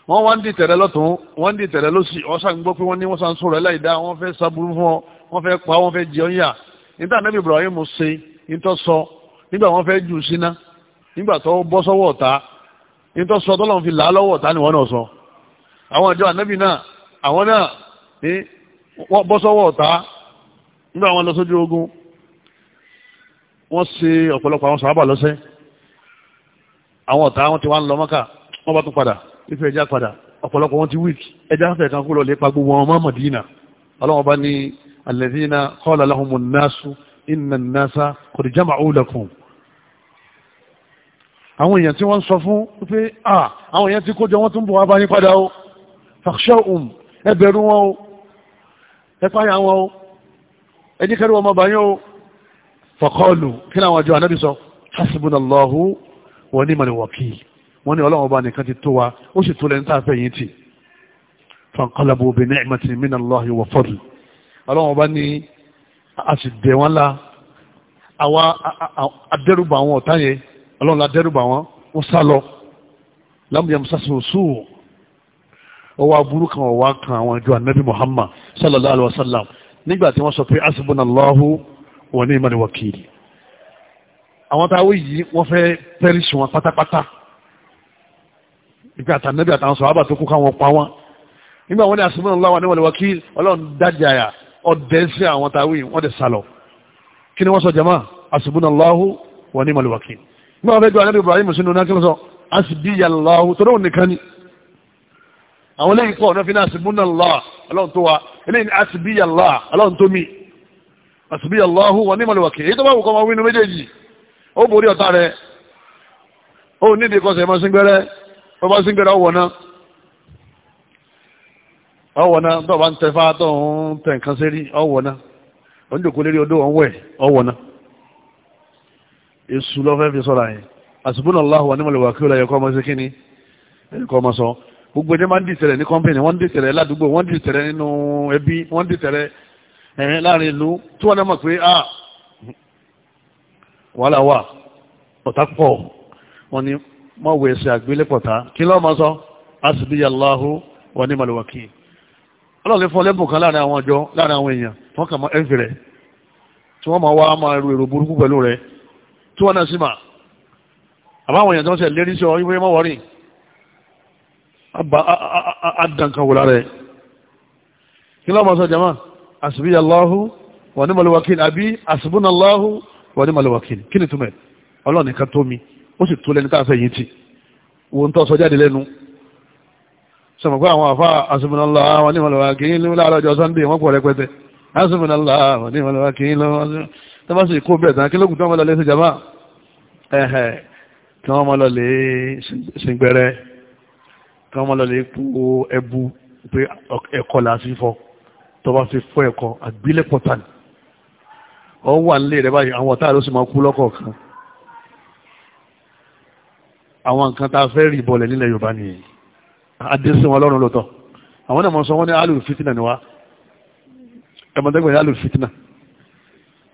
wọ́n wá ń di tẹ̀rẹ̀ lọ́tún wọ́n ń di tẹ̀rẹ̀ lọ́sì wọ́n sàn gbọ́ pé wọ́n ní wọ́n sàn sọ̀rọ̀ ẹláìdá wọ́n fẹ́ sábúrú fún ọ wọ́n fẹ́ pa wọ́n fẹ́ jẹ ọ́ yà níta nẹ́bí Ibrahim ṣe nítọ́ sọ nígbà wọ́n fẹ́ jù síná nígbà tó bọ́ sọ́wọ́ ọ̀tá nítọ́ sọ tọ́lọ́run fi là á lọ́wọ́ ta ni wọ́n náà sọ àwọn ìjọ ànábì náà àwọn náà ní wọ́n bọ́ sọ́wọ́ ọ̀tá nígbà wọn lọ sójú ogun wọ́n ṣe ọ̀pọ̀lọpọ̀ àwọn sàábà lọ́sẹ̀ àwọn ọ̀tá wọn ti wá ń lọ mọ́kà wọ́n bá tún padà ife ẹja padà ọ̀pọ̀lọpọ̀ wọn ti wíìk ẹja fẹ̀ kan kú lọ lè pa gbogbo wọn mọ́ Mádínà ọlọ́wọ́n bá ní alladhina qala lahumun nasu inna an-nasa qad jama'u àwọn èèyàn tí wọ́n sọ fún pé à àwọn èèyàn tí kójọ wọ́n tún bọ̀ wá bá yín padà o fàṣọ́ùm ẹ bẹ̀rù wọn o ẹ páyà wọn o ẹ ní kẹrù ọmọ bàyán o fọ̀kọ́ọ̀lù kí làwọn àjọ ànábì sọ hasbunallahu wa ni'mal wakil wọ́n ní ọlọ́run ọba nìkan ti tó wa ó sì tó lẹ́ni tá a fẹ́ yín tì fanqalabu bi ni'matin minallahi wa fadl ọlọ́run ọba ní a sì dẹ̀ wọ́n la àwa adẹ́rùbà ọlọ́run la dẹ́rùbà wọn wọ́n sá lọ lámúyàm sásòsò ọwọ́ aburú kan ọwọ́ kan àwọn ìjọ anabi muhammad sallallahu alayhi wa sallam nígbà tí wọ́n sọ pé asibunallahu wa ni'mal wakil àwọn táwọn yìí wọ́n fẹ́ pẹ́rìṣì wọn pátápátá ìgbà àtànẹ́bí àtàwọn sọ̀rọ̀ àbàtò kó káwọn pa wọn nígbà wọn ni asibunallahu wa ni'mal wakil ọlọ́run dájàyà ọ̀dẹ́ sí àwọn táwọn yìí wọ́n dẹ̀ sálọ kí ni wọ́n sọ jama asibunallahu wa ni'mal wakil gbọ́n fẹ́ jọ alẹ́ Ibrahim sínú náà kílọ́sọ asibiyallahu tó lóun nìkan ni àwọn eléyìí pọ̀ náà fi ní asibunallah ọlọ́run tó wa eléyìí ní asibiyallah ọlọ́run tó mi asibiyallahu wa ni'mal wakil èyí tó bá wù kọ́ ọmọ wínú méjèèjì ó borí ọ̀tá ó nídìí ó bá tó bá ń ń tẹ̀ nǹkan ó ń jòkó lérí odó èṣù lọ́fẹ́ fi sọ́ra yẹn àṣìbùnà aláhùn anímọ̀lẹ̀wà kí ó láyẹ kọ́ ọmọ sí kíní ẹ̀kọ́ ọmọ sọ gbogbo ẹni máa ń dìtẹ̀rẹ̀ ní kọ́mpìnì wọ́n ń dìtẹ̀rẹ̀ ládùúgbò wọ́n ń dìtẹ̀rẹ̀ nínú ẹbí wọ́n ń dìtẹ̀rẹ̀ ẹ̀rìn láàrin ìlú tí wọ́n náà mọ̀ pé a ah, wàhálà wà ọ̀tá pọ̀ wọ́n ní mọ̀ wẹ̀ ṣe àgbélépọ̀tá kí lọ́ mọ sọ àṣìbí aláhùn wa tí wọ́n náà sì mà àbáwọn èèyàn tí wọ́n sẹ̀ lérí sí ọ ìwé mọ́wọ́rì àdànkan wò lára ẹ̀ kí lọ́mọ sọ jama àṣìbí aláhu wà ní malawakil àbí àṣìbúnà aláhu wà ní malawakil kí ni túmẹ̀ ọlọ́ọ̀nì kan tó mi ó sì tó lẹ́ni káfẹ́ yìí ti wo ń tọ́ sọ jáde lẹ́nu sọmọ̀kọ́ àwọn àfá àṣìbúnà aláhu wà ní malawakil láàárọ̀ ọjọ́ sunday wọ́n pọ̀ rẹpẹtẹ àṣìbúnà aláhu wà ní malawakil tó bá sì kó bẹ̀ tán kí lókùn tó máa lọ lé sí jama ẹ̀hẹ̀ kí wọ́n máa lọ lè sìngbẹ̀rẹ̀ kí wọ́n máa lọ lè kó ẹbu pé ẹ̀kọ́ là sí fọ́ tó bá fi fọ́ ẹ̀kọ́ àgbélẹ̀ pọ̀tàn ọ wà nílé rẹ̀ báyìí àwọn ọ̀tá ló sì máa kú lọ́kọ̀ọ̀kan àwọn nǹkan tá a fẹ́ rí bọ̀lẹ̀ nílẹ̀ Yorùbá nìyí adéṣin wọn lọ́rùn lọ́tọ̀ àwọn náà sọ wọ́n ní alùfitìnà ni wá ẹ̀mọ̀tẹ́gbẹ̀rẹ̀ alùfitìnà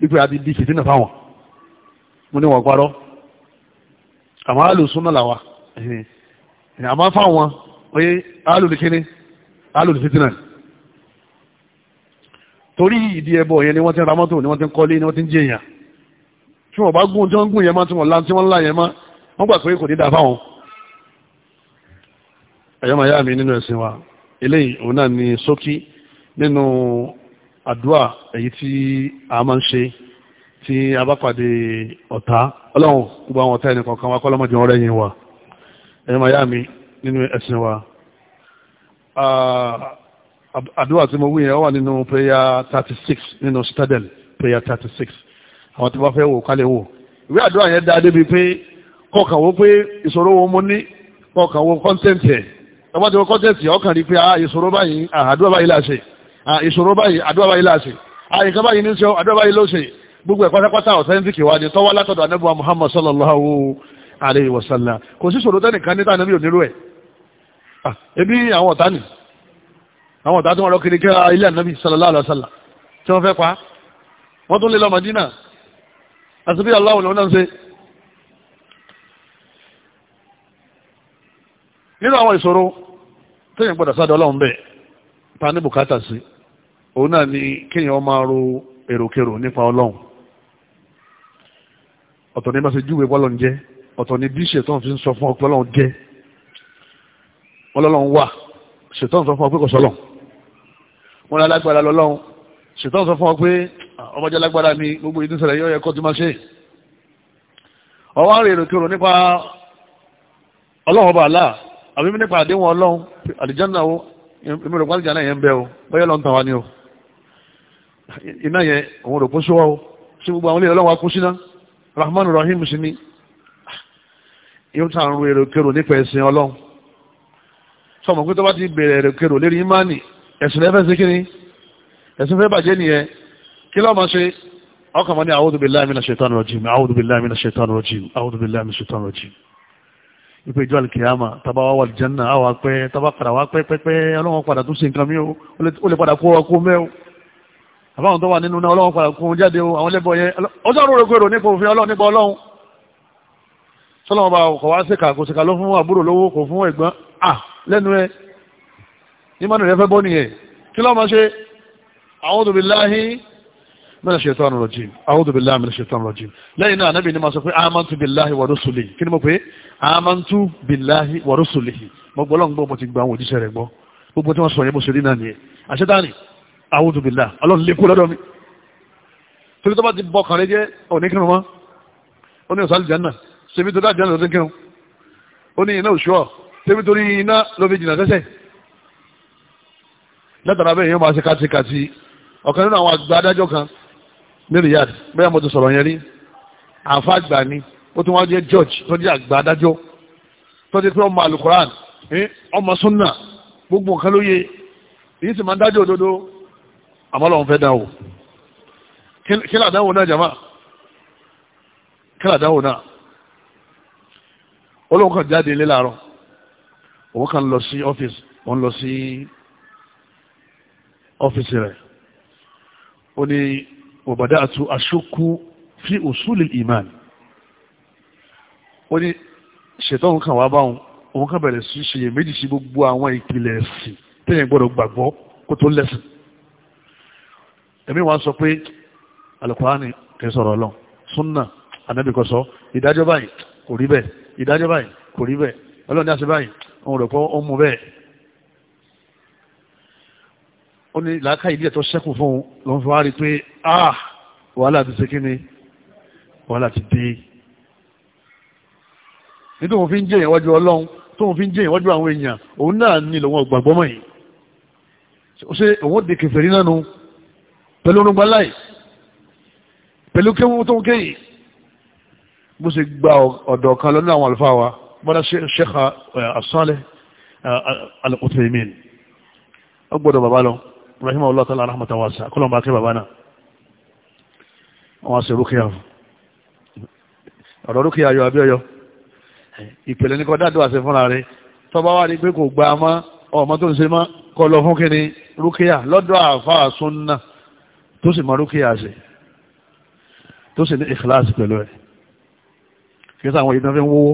wípé a ti di fìtínà fáwọn mo ní wọn parọ́ àmọ́ àlùsúnà làwà àmọ́ fáwọn oye alùlùkíní alùlùfìtínà torí ìdí ẹbọ yẹn ni wọ́n ti ra mọ́tò ni wọ́n ti ń kọ́lé ni wọ́n ti ń jẹ èèyàn tí wọ́n bá gún tí wọ́n gún yẹn má tí wọ́n lá tí wọ́n lá yẹn má wọ́n gbà pé kò ní dá fáwọn ẹ̀yọ́ màá yá mi nínú ẹ̀sìn wa eléyìí òun náà ni ṣókí nínú àdúrà èyí tí a máa ń ṣe tí a bá pàdé ọ̀tá ọlọ́run gbogbo àwọn ọ̀tá ẹnì kọ̀ọ̀kan wa kọ́lọ́mọdé wọn rẹ̀yìn wa ẹ̀yìn màá yá mi nínú ẹ̀sìn wa àdúrà tí mo wí yẹn wà nínú prayer thirty six nínú citadel prayer thirty six àwọn tí wọ́n fẹ́ wò kálẹ̀ wò ìwé àdúrà yẹn dá débi pé kọ̀ọ̀kan wo pé ìṣòro wo mo ní kọ̀ọ̀kan wo kọ́ńtẹ̀ǹtì ẹ̀ ọba tí wọ́n ọkàn rí pé ah, ìṣòro báyìí àdúrà báyìí Ah, ìṣòro báyìí àdúrà báyìí láàṣẹ àyíká ah, báyìí ní sọ àdúrà báyìí ló ṣe gbogbo ẹ̀ pátápátá ní tọ́wọ́ látọ̀dọ̀ Muhammad sallallahu wa ah, ni wa sallam tí wọ́n fẹ́ Madina àti bí aláwọ̀ nínú àwọn ìṣòro tẹ́yìn gbọ́dọ̀ sádọ́ ọlọ́run ní òun náà ni kéèyàn máa ro èròkèrò nípa ọlọ́run ọ̀tọ̀ ní bá ṣe júwe bọ́lọ́run jẹ́ ọ̀tọ̀ ní bí ṣètọ́n fi ń sọ fún ọ pé ọlọ́run jẹ́ ọlọ́run wà ṣètọ́n sọ fún ọ pé kò sọ́lọ̀ wọn ní alágbára lọ́lọ́run ṣètọ́n sọ fún ọ pé ọmọdé alágbára ni gbogbo ìdí sẹlẹ̀ yọ ẹ̀kọ́ tó máa ṣe ọwọ́ àrùn èròkèrò nípa ọlọ́run ọba àlá àbí nípa àdéhùn ọlọ́run àlìjáná náà yẹn ń bẹ o iná yẹn òun rò pósó wa o sí gbogbo àwọn ilé ọlọ́wọ́ akú síná rahman rahim sí ni yóò tà ń ro èròkèrò nípa ẹ̀sìn ọlọ́run sọmọ pé tó bá ti bẹ̀rẹ̀ èròkèrò lérí imáni ẹ̀sìn lẹ́fẹ́ sí kí ni ẹ̀sìn fẹ́ bàjẹ́ nìyẹn kí ló máa ṣe ọkàn mọ́ ní a'udhu billahi minash shaitani rajim a'udhu billahi minash shaitani rajim a'udhu billahi minash shaitani rajim ipe ìjọ alìkìyàmà tàbá wà wà lìjánà àwọn apẹ́ tàbá padà wà pẹ́pẹ́pẹ́ ọlọ́run padà tún sí nǹkan mi ó lè padà kó ọkọ mẹ́wọ́ àbáwọn tó wà nínú náà ọlọ́run padà kún jáde o àwọn lẹ́bọ̀ yẹn ọjọ́ rò rògbèrò nípa òfin ọlọ́run nípa ọlọ́run sọlọ́run bá kọ̀ wá síkà kò síkà ló fún àbúrò lówó kò fún ẹ̀gbọ́n à lẹ́nu ẹ nímọ̀nù rẹ fẹ́ bọ́ nìyẹn kí ló máa ṣe a'udhu billahi minash shaitanir rajim a'udhu billahi minash shaitanir rajim lẹ́yìn náà anábì ni máa sọ pé amantu billahi wa rusulihi kí ni mo pé amantu billahi wa rusulihi mo gbọ́ lọ́ngbọ́n mo ti gba àwọn òjíṣẹ́ rẹ̀ gbọ́ gbogbo tí wọ́n sọ yẹn mo ṣe rí náà nìyẹn àṣetáni a'udhu billah ọlọ́run lè kú lọ́dọ̀ mi torí tó bá ti bọkàn rẹ jẹ́ òní kírun mọ́ ó ní ọ̀sán àlùjáná ṣèbí tó dá àlùjáná lọ́dún kírun ó ní iná òṣùọ́ ṣèbí torí iná ló fi jìnnà sẹ́sẹ̀ látara bẹ́ẹ̀ yẹn máa ṣe kàtìkàtì ọ̀kan nínú àwọn àgbà adájọ́ kan ní Riyadh bẹ́ẹ̀ mo ti sọ̀rọ̀ yẹn rí àfa àgbà ni ó tún wá jẹ́ george tó jẹ́ àgbà adájọ́ tó ti pé ọmọ alukoran eh, ọmọ sunna gbogbo nǹkan ló yẹ èyí sì máa ń dájọ́ òdodo àmọ́ lọ́wọ́n fẹ́ dáwò kí làdáwò náà jama kí làdáwò náà olóhùn kan jáde ilé làárọ̀ òun kan lọ sí ọ́fíìsì òun lọ sí ọ́fíìsì rẹ̀ ó ní òbàdá àtú aṣókú fi usulil iman ó ní ṣètọ́hùn kan wá báhùn òun kan bẹ̀rẹ̀ sí ṣiyèméjì sí gbogbo àwọn ìpìlẹ̀ ẹ̀sìn tẹ́yìn gbọ́dọ̀ gbàgbọ́ kó tó lẹ́sìn èmi wàá sọ pé alukurani kì í sọ̀rọ̀ ọlọ́run sunna anabi kò sọ ìdájọ́ báyìí kò rí bẹ́ẹ̀ ìdájọ́ báyìí kò rí bẹ́ẹ̀ ọlọ́run ní àṣẹ báyìí òun rẹ̀ pọ̀ ó mú bẹ́ẹ̀. ó ní làákà ìdí ẹ̀tọ́ sẹ́kù fún un ló ń fi wá rí pé ah wàhálà ti ṣe kí ni wàhálà ti dé. nítorí òun fi ń jẹ́ èèyàn wájú ọlọ́run tóun fi ń jẹ́ èèyàn wájú àwọn èèyàn òun náà ní pẹ̀lú orúngbà láì pẹ̀lú kéwú tó ń kéyì bó sì gba ọ̀dọ̀ kan lọ́nà àwọn àlùfáà wa bọ́dá Sheikh eh, As-Salih eh, Al-Uthaymeen ó gbọ́dọ̀ bàbá lọ rahim allah ta'ala rahmatan wasa kọ́lọ̀ bá kẹ́ bàbá náà wọ́n sì rúkìá ọ̀rọ̀ rúkìá yọ abíọ́yọ ìpìlẹ̀ ní kọ́ dáadọ́ àti fúnra rẹ̀ tọ́ba wà ní pé kò gba ọmọ tó ń ṣe mọ́ kọ́ lọ fún kíni rúkìá lọ́dọ̀ àfáà sunna tó sì mọ rúkìá ṣe tó sì ní ìkìláàsì pẹ̀lú ẹ̀ kí ní àwọn ìdánfẹ́ wówó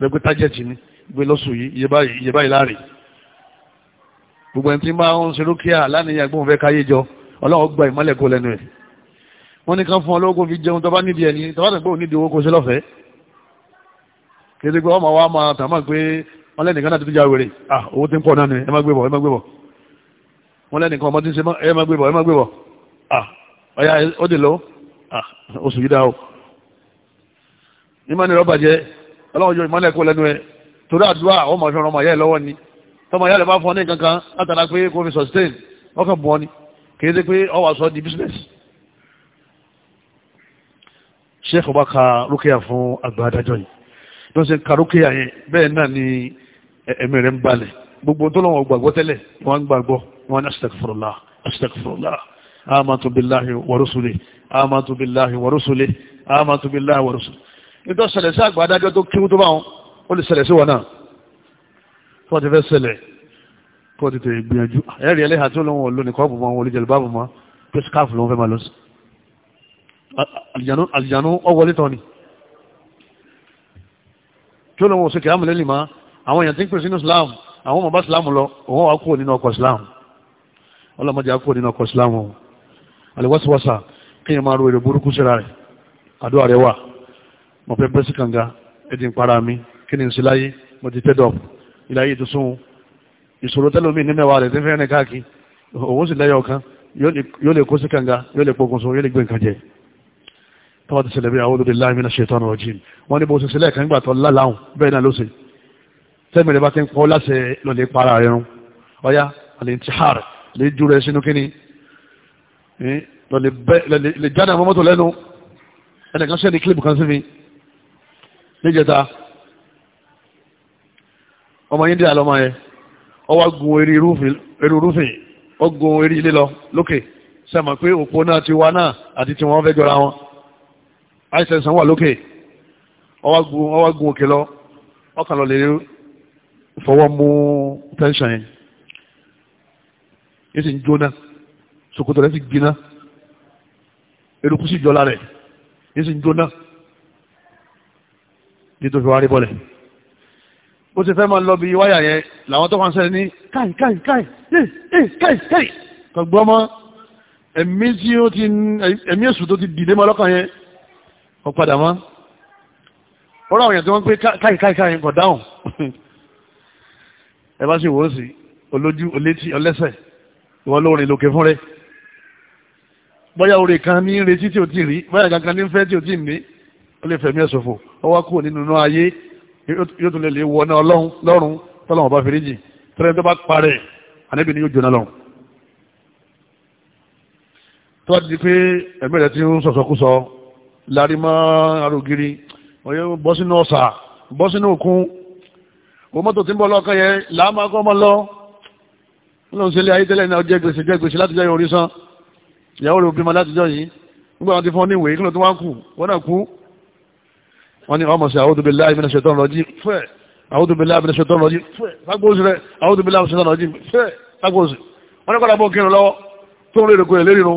lẹ́gbẹ́ tájẹ́tì ni gbé lọ́sùn yìí iye báyìí láàrin gbogbo ẹni tí máa ń ṣe rúkìá lánìyàn gbóhùn fẹ́ káyé jọ ọlọ́run gba ìmọ́lẹ̀ kó lẹ́nu ẹ̀ wọ́n ní kan fún ọlọ́gùn fi jẹun tọ́ba nídìí ẹni tọ́ba tẹ̀ pé òun nídìí owó kó ṣe lọ́fẹ̀ẹ́ kéde pé ọmọ wa máa tàmá pé wọ́n lẹ́nìkan náà ti já wèrè ah owó ti ń pọ̀ náà ni ẹ má gbé bọ̀ ẹ má gbé bọ̀ wọ́n lẹ́nìkan ọmọ ti ń ṣe ẹ má gbé bọ̀ ẹ má gbé bọ̀ ọ̀yà ah. ó dè lọ ah. oṣù yìí dá o ìmọ̀ni rọ́bà jẹ́ ọlọ́run yóò ìmọ̀lẹ̀ kó lẹ́nu ẹ̀ torí àdúrà ọmọ ìfẹ́ ọmọ ìyá ẹ̀ lọ́wọ́ ni tọmọ ìyá rẹ̀ bá fọ́ ní kankan látara pé kó fi sustain ọkọ̀ bù ọ́ ni kìí dé pé ọ wà sọ di business. sheikh ọba ka rúkìá fún àgbà adájọ́ yìí bí wọ́n ṣe ka rúkìá yẹn bẹ́ẹ̀ náà ni ẹ̀mí rẹ̀ ń balẹ̀ gbogbo tó lọ́wọ́ gbàgbọ́ tẹ́lẹ̀ wọ́n gbàgbọ́ wọ́n ní astaghfirullah astaghfirullah amantu billahi wa rusuli amantu billahi wa rusuli amantu billahi wa rusuli nítorí ọ̀sẹ̀lẹ̀ sí àgbà adájọ́ tó kíwú tó bá wọn ó lè ṣẹlẹ̀ sí wọn náà tó wọ́n ti fẹ́ ṣẹlẹ̀ kó o ti tètè gbìyànjú ẹ̀rí ẹlẹ́hà tó lóun ò lónìí kọ́ọ̀bù mọ́ wọn olùjẹ̀lú báàbù mọ́ pé skáàfù lòun fẹ́ máa lọ sí àlìjànú ọwọ́lé tán ni tó lóun ò sókè àmúlẹ́lì mọ́ àwọn èèyàn tí ń pè sínú Islam àwọn ọmọ bá Islam lọ òun wà kúrò nínú ọkọ̀ Islam ọlọ́mọdé á nínú ọkọ̀ Islam ọ̀hún àlewọ́sowọ́sà kí ẹ máa ro èrè burúkú síra rẹ̀ àdúrà rẹ̀ wà mo fẹ́ bẹ́sí kànga ẹ̀dì ń para mi kí ni n sí láyé mo ti tẹ́dọ̀ ìlàyé tó sún ìṣòro tẹ́lómi ní mẹ́wàá rẹ̀ tí fẹ́ rìn káàkiri òun sì lẹ́yọ̀ kan yóò lè kó sí kànga yóò lè pogun so yóò lè gbé nǹkan jẹ tọ́wọ́ ti sẹlẹ̀ bí àwọn olóde láàmì náà ṣètọ́nà ọ̀jìn wọ́n ní bó ṣe sílẹ̀ kan nígbà tó láláhùn bẹ́ẹ̀ náà ló ṣe tẹ́mi rẹ̀ bá ti ń kọ́ láṣẹ lọ́lẹ̀ para rẹ̀ rún ọ̀yá àlè ń ti hàr lè dúró ẹ sínú kínní Eh, lọ́lẹ̀ jáde àwọn mọ́tò lẹ́nu ẹnìkan ṣẹ́ni kílìpù kan sí mi níjẹta ọmọ yín dí àlọ́mọ yẹn ọwọ́ gun eré rúfin ó gun eré ilé lọ lókè sẹ́mọ̀ pé òpó náà ti wá náà àti tí wọ́n fẹ́ jọra wọn àìsẹ̀sán wà lókè ọwọ́ gun ọwọ́ gun òkè lọ ọkàn lọ lè fọwọ́ mú tẹ́ńsàn yẹn yìí sì ń jóná ṣòkòtò rẹ̀ sì gbiná eruku sì jọlá rẹ̀ yìí sì ń jóná ní tó fi wá rí bọ́lẹ̀ bó ṣe fẹ́ máa lọ bí wáyà yẹn làwọn tó wá ń sẹ́ni ní káì káì káì káì káì kọ̀gbọ́n mọ́ ẹ̀mí tí ó ti ẹ̀mí èṣù tó ti dìde mọ́ lọ́kàn yẹn wọ́n padà mọ́ ọ̀rọ̀ àwọn èèyàn tí wọ́n pé káì káì káì kọ̀ dáhùn ẹ bá sì wò ó sí olójú olétí ọlẹ́sẹ̀ ìwọ́n lóorin lókè fún rẹ̀ bóyá oore kan ní retí tí o ti rí bóyá kankan ní fẹ́ tí o ti ní ó lè fẹ̀mí ẹ̀sọ̀fò ó wá kúrò nínú náà ayé yóò tún lè lè wọ náà lọ́rùn tọ́lọ́wọ́n bá fèrè jì tẹ́lẹ̀ tó bá parẹ́ ànábì ni yóò jóná lọ́rùn. tó bá ti di pé ẹ̀mí rẹ̀ ti ń sọ̀sọ̀kúsọ lárí mọ́ arúgiri ọ̀yẹ́ bọ́ sínú ọ̀sà bọ́ sínú òkun òun mọ́tò tí ń bọ́ lọ́kàn yẹn làá máa kọ́ ọmọ lọ ìyàwó rẹ̀ bímọ látijọ́ yìí nígbà wọn ti fún ọ níwèé kí ló tó wá kù wọn náà kú wọn ni ọmọ sí a'udhu billahi minash shaitanir rajim fẹ́ a'udhu billahi minash shaitanir rajim fẹ́ fagbóòsì rẹ̀ a'udhu billahi minash shaitanir rajim fẹ́ fagbóòsì wọn ní kọ́dà bó kírun lọ́wọ́ tó ń rí ìrìnkú ẹ̀ lérí nu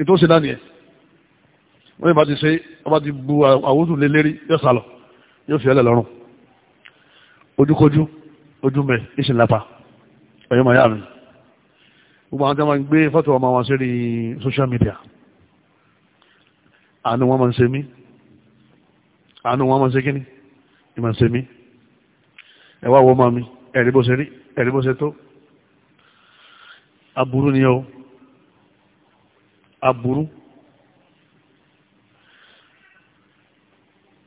ètò ìsìn náà nìyẹn wọ́n yìí bá ti ṣe wọ́n bá ti bu àwùjù lé lérí yóò sálọ yóò fi ẹlẹ̀ lọ́rùn ojúkojú ojú mẹ́ ìsìn lápá ọ̀yọ́mọ̀ yá mi gbogbo àwọn tí wọ́n gbé fọ́tò ọmọ wọn sí social media àánú wọn máa ń ṣe mí àánú wọn máa ń ṣe kíní ìmọ̀ ń ṣe mí ẹ̀wá wo máa mi ẹ̀rí bó ṣe rí ẹ̀rí bó ṣe tó aburú ni ó aburú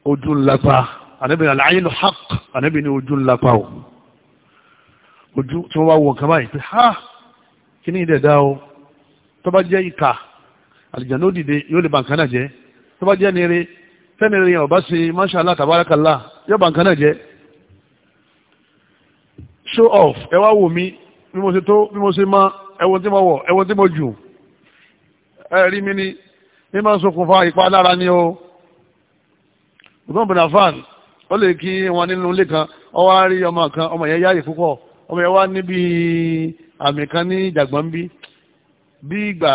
ojú ńlápá ànábì ní aláyínú haq ànábì ní ojú ńlápá o ojú tí wọ́n wá wọ̀ kaba pé ha kíní ìdẹ̀dá o tó bá jẹ́ ìka àlìjàn ló dìde yóò lè bàǹkan náà jẹ́ tó bá jẹ́ nire fẹ́ni rìn ọ̀bá sí masha Allah tabarakala yóò bàǹkan jẹ́ show off ẹ wá wò mí bí mo ṣe tó bí mo ṣe má ẹwọ tí mo wọ̀ ẹwọ tí mo jù ẹ mi ni mi máa ń ṣokùnfà ìpalára ni o ọdún bìnnà fan ó lè kí wọn nínú ilé kan ọwọ́ á rí ọmọ kan ọmọ yẹn yáyè púpọ̀ ọmọ yẹn wá níbi àmì kan ní ìjàgbọ́n bí bí ìgbà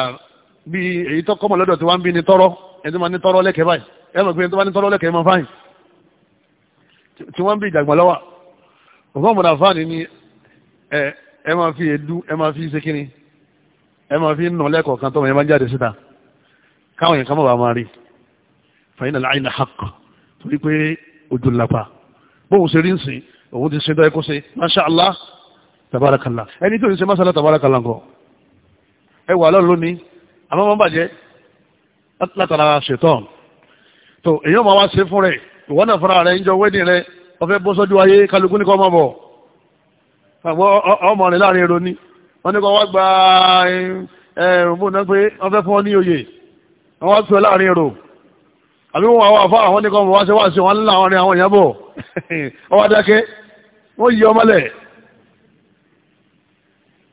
bí èyí tó kọ́mọ̀ lọ́dọ̀ tí wọ́n ń bí ní tọ́rọ́ ẹni tó máa ní tọ́rọ́ lẹ́kẹ̀ẹ́ báyìí ẹ mọ̀ pé ẹni tó bá ní tọ́rọ́ lẹ́kẹ̀ẹ́ máa fáyìn tí wọ́n ń bí ìjàgbọ́n lọ́wọ́ òfin ọ̀mọ̀dà fáàní ni ẹ máa fi èédú ẹ máa fi ṣe kíni ẹ máa fi nà lẹ́kọ̀ọ́ kan tó mọ̀ ẹ máa ń jáde síta káwọn yẹn ká mọ̀ bá máa rí fàyínà láàyìn àkọ́ torí pé ojú lápá bóun ṣe rí ń òun ti ṣe dọ́ ẹ kó ṣe masha tabarakala ẹni tó ń ṣe masala tabarakala ńkọ́ ẹ wà lọ́rùn lónìí àmọ́ máa ń bàjẹ́ látara ṣetán tó èèyàn máa wá ṣe fún rẹ̀ ìwọ náà fúnra rẹ̀ ń jọ wẹ́dìn rẹ̀ ọfẹ́ bó sọ́jú ayé kálukú ní kọ́ ọmọ bọ̀ àbọ̀ ọmọ rẹ̀ láàrin èrò ni wọ́n ní kọ́ wá gba ẹ̀rùnbó náà pé ọfẹ́ fún ọ ní oyè wọ́n wá pè ọ láàrin èrò àbí wọn àwọn àfa àwọn ní kọ́ ọmọ wá ṣe wá ṣe wọn ńlá àwọn èèyàn bọ̀ ọwọ́ adákẹ́ wọ́n yí ọmọlẹ̀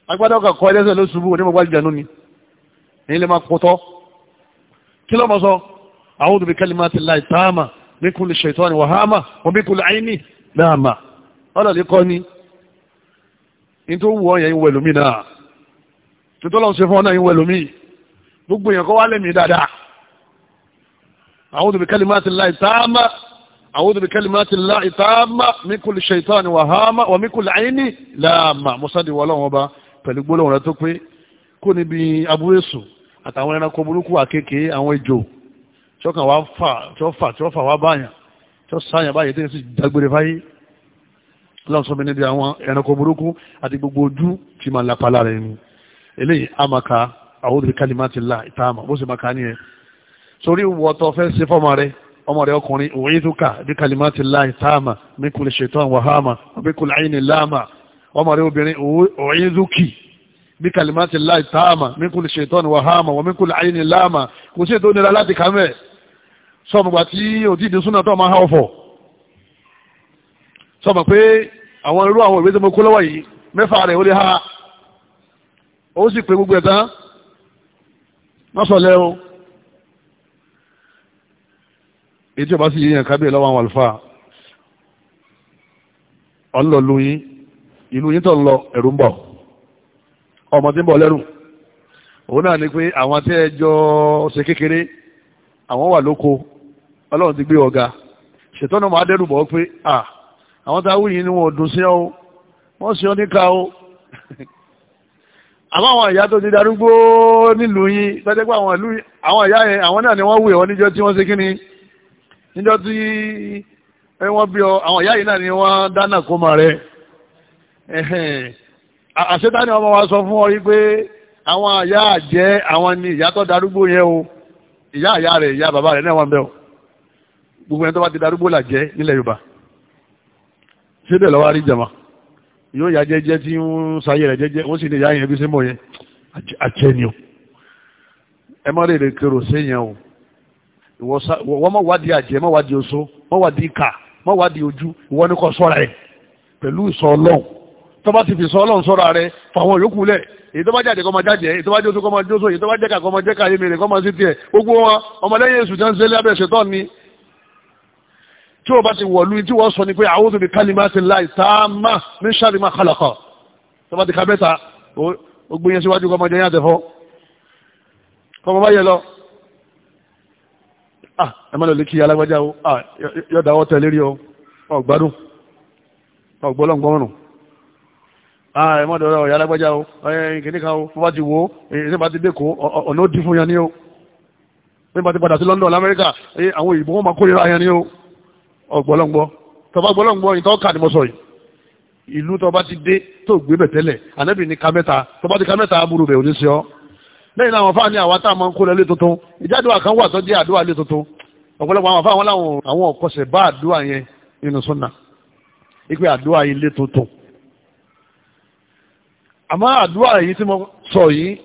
agbádá ọkà kọ ẹlẹ́sẹ̀ ló ṣubú onímọ̀ gbájú jẹ̀nu ni èyí lè máa pọ̀tọ́ kí lọ́mọ sọ a'udhu bi kalimati llahi taama min kulli shaytani wa hama wa min kulli ayni láàmà ọ̀dọ̀ lè kọ́ ni ní tó wù ọ́ yẹn ń wẹ̀ lómi náà tó tọ́lọ́ ṣe fún ọ náà ń wẹ̀ pẹ̀lú gbólóhùn rẹ tó pé kó níbi aburú èṣù àtàwọn ẹranko burúkú àkekèé àwọn ejò tíọ́kàn wá fà tíọ́ fà tíọ́ fà wá báyàn tíọ́ sáyàn báyìí tí yẹn sì dágbére fáyé lọ́n níbi àwọn ẹranko burúkú àti gbogbo ojú tí máa lápá lára ẹni eléyìí amaka àwòdì kalimati la ìtaama bó sì máa ka nìyẹn sórí wọ́tọ̀ fẹ́ ṣe fọ́mọ rẹ ọmọ rẹ ọkùnrin òwe ìtúkà bí kalimati la ìtaama mi kulli shaitan wàhámà bí kulli aini láàmà ọmọ rẹ obìnrin òyìn zuki bí kalimati láì táàmà mínkù lè ṣètọ́ ni wàhámà wọ́n mínkù lè ayé ni láàmà kò sí ètò ìnira láti kàmẹ́ sọmọgbà tí òdìdí súnà tó máa ń ọ̀fọ̀ sọmọ pé àwọn irú àwọn ìwé tó mo kó yìí mẹ́fà rẹ̀ ó lè ha ó sì pé gbogbo ẹ̀ tán sọ lẹ́rọ èyí tí ọba sì yíyan kábíyè lọ́wọ́ àwọn àlùfáà ọlọ́lóyìn ìlú yìí tó ń lọ ẹ̀rù ń bọ̀ ọmọ tí ń bọ̀ lẹ́rù òun náà ni pé àwọn tí ẹ jọ ṣe kékeré àwọn wà lóko ọlọ́run ti gbé ọ̀gá ṣètọ́nà máa dẹ́rù bọ̀ pé àwọn tá a wúyìn ni wọn ò dùn sí ọ wọ́n sì ọ níka o àmọ́ àwọn ìyá tó ti darúgbó nílùú yín tọ́jú pé àwọn ìlú àwọn ìyá yẹn àwọn náà ni wọ́n wúyẹ̀ wọn níjọ́ tí wọ́n ṣe kí ni níjọ́ tí wọ́n bí ọ àwọn ìyá yìí náà ni wọ́n dáná kó máa rẹ̀ àṣetáni ọmọ wa sọ fún ọ yí pé àwọn àyà jẹ àwọn ni ìyá tó darúgbó yẹn o ìyá àyà rẹ̀ ìyá bàbá rẹ̀ náà wà o gbogbo ẹni tó bá ti darúgbó là jẹ́ nílẹ̀ Yorùbá yóò yà tí ń ó sì ní ìyá yẹn bí yẹn o ẹ má kérò o wọ́n mọ̀ wádìí mọ̀ wádìí oṣó mọ̀ wádìí mọ̀ wádìí ojú sọ́ra ẹ̀ pẹ̀lú tó ti fi sọ ọlọ́run sọ́ra rẹ fàwọn yòókù lẹ̀ èyí tó bá jáde kọ́ máa jáde èyí tó bá jóso kọ́ máa jóso èyí tó bá jẹ́ka kọ́ máa jẹ́ka ayé mèrè kọ́ máa sí tiẹ̀ gbogbo wọn ọmọlẹ́yìn èṣù jáǹsẹ́ lábẹ́ ṣetán ni tí o bá ti wọ̀lú tí wọ́n sọ ni pé a'udhu bi kalimati llahi tammati min sharri ma khalaqa tó bá ti ka bẹ́ta ó gbé yẹn síwájú kọ́ máa jẹ́ yẹn àtẹ̀fọ́ kọ́ máa bá yẹ lọ ah, ẹ má lọ Ah, ẹmọ́dọ̀rọ̀ ọ̀yà alágbájá o kìníkà o fún bá ti wo ìṣẹ́bà ti dẹ́kọ̀ ọ̀nà òdì fún yẹn ni o nígbà tí padà sí London lamẹ́ríkà àwọn òyìnbó wọn máa kórìíra yẹn ni o ọ̀gbọ́lọ́gbọ́ tọba gbọ́lọ́gbọ́ ìtọ́ kà ní mo sọ yìí ìlú tọba ti dé tó gbé bẹ̀ tẹ́lẹ̀ ànábì ní ka mẹ́ta tọba ti ka mẹ́ta aburú bẹ̀ òní sí ọ lẹ́yìn àwọn fáwọn ní àwa tá a máa ń kó lẹ́lé tuntun ìjádùá kan wà tó jẹ́ àdúrà lé tuntun ọ̀pọ̀lọpọ̀ àwọn fáwọn láwọn àwọn ọ̀kọ̀ṣẹ̀ bá àdúrà yẹn nínú súnà àmọ́ àdúrà yìí tí mo sọ yìí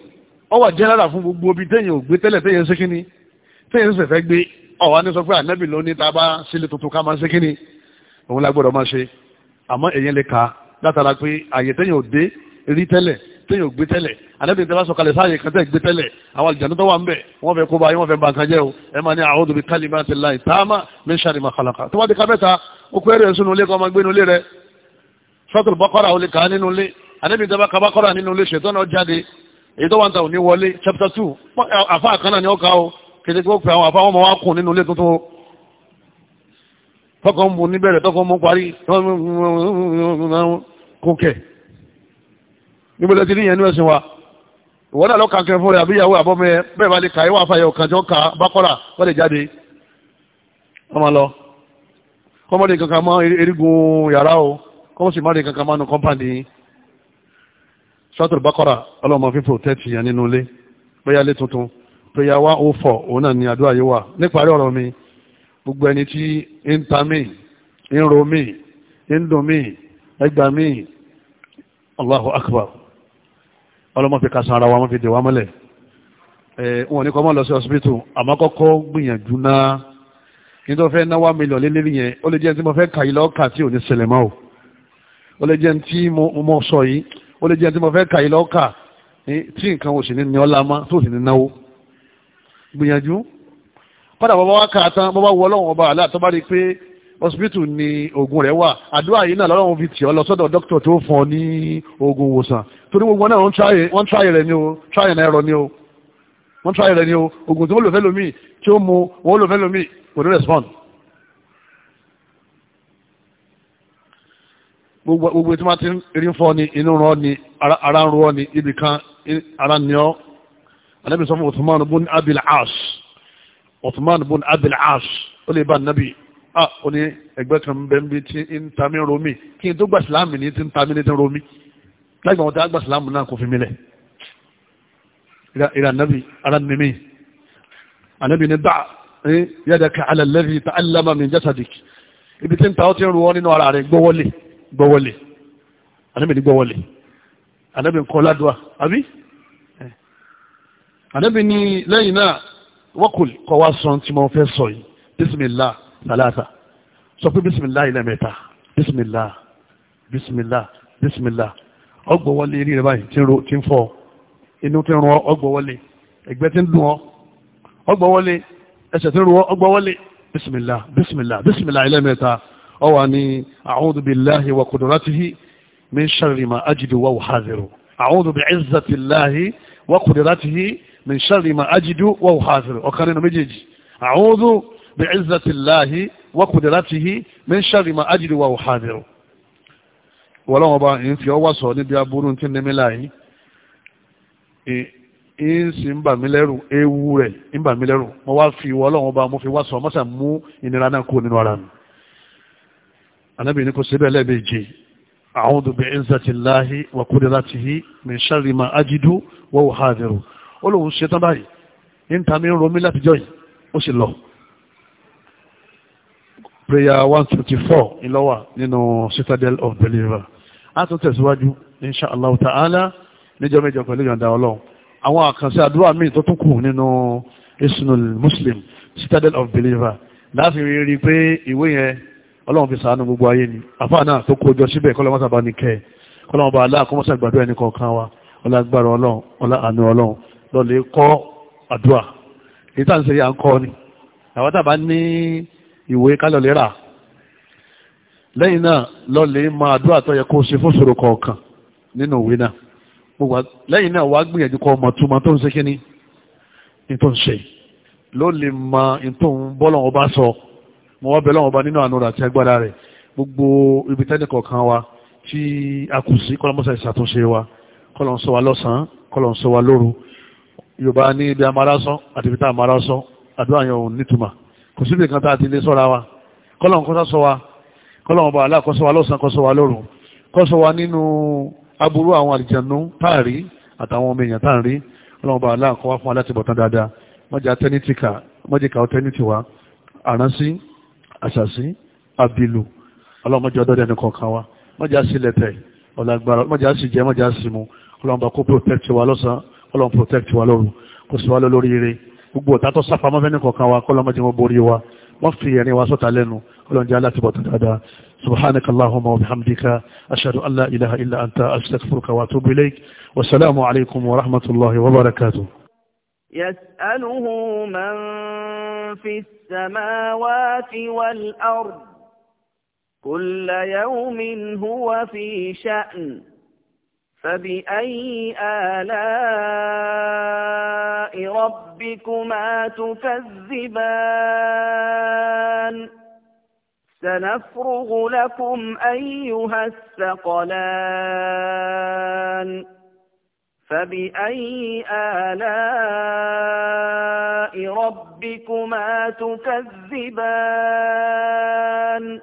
ó wà jẹ́nẹ́rà fún gbogbo ibi téèyàn ò gbé tẹ́lẹ̀ téèyàn ṣe kíni téèyàn sì fẹ́ gbé ọ̀wá ní sọ pé ànábì ló ní tá a bá sílé tuntun ká máa ṣe kíni òun la gbọ́dọ̀ máa ṣe àmọ́ èyàn lè ka látara pé àyè téèyàn ò dé rí tẹ́lẹ̀ téèyàn ò gbé tẹ́lẹ̀ ànábì tẹ́ bá sọ kalẹ̀ sáàyè kan tẹ́ gbé tẹ́lẹ̀ àwọn àlùjáde wà ń wọ́n fẹ́ kó báyìí wọ́n fẹ́ ba nǹkan jẹ́ o ẹ máa ní a'udhu bi kalimati llahi taama min sharri ma khalaqa tó bá di ká mẹ́ta ó kó ẹ̀rẹ̀ sínú ilé kan máa gbé inú ilé rẹ̀ suratul baqara ò lè kà nínú ilé anábì ìjọba kaba nínú ilé ṣètò náà jáde èyí tó wà ń ta òní wọlé chapter two eh, àfa àkànnà ni ó ka o kété kó pe àwọn àfa wọn máa wá kùn nínú ilé tuntun o tọkọ níbẹ̀rẹ̀ tọkọ mu parí kò níbo lẹ́tí níyẹn ní ẹ̀sìn wa ìwọ́n náà lọ kà kẹ́ fún rẹ̀ àbọ́mọ ẹ bẹ́ẹ̀ bá lè kà ìwà àfàyẹ̀ ọ̀kànjọ́ kà bákọ́là wọ́n lè jáde wọ́n máa lọ kọ́mọdé kankan máa erigun yàrá o kọ́mọsí sọ́tò bọ́kọ́rà ọlọ́mọ fífò tẹ́tì yẹn nínú ilé bóyá ilé tuntun prayer one oh four òun náà ni àdúrà yìí wà níparí ọ̀rọ̀ mi gbogbo ẹni tí ń ta mí ń ro mí ń dùn mí ẹgbàá mí Allahu akbar ọlọ́mọ fi kásán ara wa wọ́n fi dè wá mọ́lẹ̀ wọn ò ní kọ́ mọ́ lọ sí hospital àmọ́ kọ́kọ́ gbìyànjú náà kí n tó fẹ́ náwó mílíọ̀n lé lérí yẹn ó lè jẹ́ tí mo fẹ́ kà yí lọ́ọ́ kà tí ò ní ṣẹlẹ̀ mọ́ o ó lè jẹ́ tí mo sọ yìí ó lè jẹ́ tí mo fẹ́ kà yìí lọ́ọ́ kà tí nǹkan oṣù ní ni ọlá má tó sì ní náwó gbìyànjú padà bọ́bá wá kà tán bọ́bá wọ ọlọ́run ọba àlá tó rí pé hospital ni oògùn rẹ̀ wà àdúrà yìí náà lọ́rùn fi tì ọ́ lọ sọ́dọ̀ dókítà tó fún ọ ní oògùn ìwòsàn torí gbogbo náà wọ́n tráyè rẹ̀ ni o tráyè náà ẹ̀rọ ni o wọ́n tráyè rẹ̀ ni o oògùn tí wọ́n lò fẹ́ lómi tí ó mu wọ́n lò fẹ́ lómi kò ní respond gbogbo tí wọ́n ti rí fọ́ ni inú rán ni ara ń rọ́ ni ibì kan ara ni ọ́ anábì sọ fún Uthman bun Abil As Uthman bun Abil As ó lè bá nábì ah ó ní ẹgbẹ́ kan bẹ́ẹ̀ tí ń ta mí romi kí n tó gbà sílámù ní tí ń ta mí ní tí ń romi láì gbà wọ́n tí a gbà sílámù náà kò fi mí lẹ̀ ìrà nábì ara ni mí anábì ní dá yadaka ala alladhi ta'allama min jasadik ibi tí ń ta ó ti ń ru nínú ara rẹ̀ gbówọ́lé gbọ́wọ́lẹ̀ anábì ní gbọ́wọ́lẹ̀ anábì ń kọ́ ládùá àbí anábì eh. ní lẹ́yìn náà wọ́kùl kọ́ wá sọ tí mo fẹ́ sọ yìí bísímìlá sàlátà sọ pé bísímìlá ilẹ̀ mẹ́ta bísímìlá bísímìlá bísímìlá ọgbọ̀wọ́lẹ̀ eré rẹ̀ báyìí tí ń fọ́ inú tí ń rún ọgbọ̀wọ́lẹ̀ ẹ̀gbẹ́ tí ń dùn ọ ọgbọ̀wọ́lẹ̀ ẹsẹ̀ tí ń rún ọgbọ̀wọ́lẹ̀ bísímìlá bísímìlá bísímìlá ilẹ̀ ọ wà ní a'udhu billahi wa qudratihi min sharri ma ajidu wa uhadhiru a'udhu bi'izzati llahi wa qudratihi min sharri ma ajidu wa uhadhiru ọ̀kan nínú méjèèjì a'udhu bi'izzati llahi wa qudratihi min sharri ma ajidu wa uhadhiru wọ́lọ́wọ́ bá ń fi ọwọ́ sọ níbi aburú tí ní mílá yìí ń sì ń bà mí lẹ́rù ewu rẹ̀ ń bà mí lẹ́rù mo wá fi wọ́lọ́wọ́ mo fi wá sọ mọ́sà mú ìnira náà kú nínú ara mi anábì ní kò sí bẹ́ẹ̀ lẹ́ẹ̀mejì a'udhu bi'izzati llahi wa qudratihi min sharri ma ajidu wa uhadhiru ó lóun ṣe tán báyìí ní ta mi ń romí látijọ́ yìí ó sì lọ. prayer one twenty four ìlọ́wà nínú citadel of believer a tún tẹ̀síwájú insha allah ta'ala níjọ́ méjọ pẹ̀lú ìyọ̀ǹda ọlọ́run àwọn àkànṣe àdúrà míì tó tún kù nínú isnul muslim citadel of believer láti rí i pé ìwé yẹn ọlọ́run fi sàánú gbogbo ayé ni àfáà náà tó kó jọ síbẹ̀ kọ́lọ́ mọ́sàbá ní kẹ́ kọ́lọ́ ọba aláàkọ́mọ́sà gbàdúrà ẹni kọ̀ọ̀kan wa ọlágbára ọlọ́run ọlá àánú ọlọ́run lọ́lẹ̀ kọ́ àdúrà èyí tá à ń ṣe yà ń kọ́ ni àwọn tàbá ní ìwé kálọ̀lẹ́ rà lẹ́yìn náà lọ́lẹ̀ máa àdúrà tó yẹ kó ṣe fún ṣòro kọ̀ọ̀kan nínú ìwé náà lẹ́yìn náà wàá gbìyànjú kọ́ ọmọ tó ń tó ń ṣe ló mo wá bẹ̀lọ́wọ́ bá nínú àánú rẹ̀ àti agbára rẹ̀ gbogbo ibi tẹ́lẹ̀ kọ̀ọ̀kan wa tí a kù sí kọ́lọ́mọ́sà ìṣàtúnṣe wa kọ́lọ́n sọ wa lọ́sàn-án kọ́lọ́n wa lóru yorùbá ní ibi amárásán àti ibi tá amárásán àdúrà yẹn òun nítumà kò síbi kan tá a ti lé sọ́ra wa kọ́lọ́n kọ́sá wa kọ́lọ́n ọba àlá kọ́sọ wa lọ́sàn kọ́sọ wa lóru kọ́sọ wa nínú aburú àwọn àlìjànú táàrí àtàwọn ọmọ èèyàn táàrí kọ́lọ́n ọba àlá kọ́ wa fún alátìbọ̀tán dáadáa mọ́jà tẹ́nítì ká mọ́jà ká tẹ́nítì àṣàṣí àbìlù ọlọ́mọdé ọdọ́dẹ ẹni kọ̀ọ̀kan wa mọ́jà sí lẹ́tẹ̀ ọ̀làgbára mọ́jà sí jẹ mọ́jà sí mu ọlọ́mọba kó protect wa lọ́sàn ọlọ́mọ protect wa lóru kó sì wá lórí ire gbogbo ọ̀tá sáfà mọ́fẹ́ ní kọ̀ọ̀kan wa kọ́lọ́mọdé wọn borí wa wọ́n fi ẹ̀rin wa sọ́ta lẹ́nu ọlọ́njẹ́ alátìbọ̀tà dáadáa سبحانك اللهم وبحمدك أشهد أن لا إله إلا أنت أستغفرك وأتوب إليك والسلام عليكم ورحمة الله وبركاته يسأله من في السماوات والأرض كل يوم هو في شأن فبأي آلاء ربكما تكذبان سنفرغ لكم أيها الثقلان فبأي آلاء ربكما تكذبان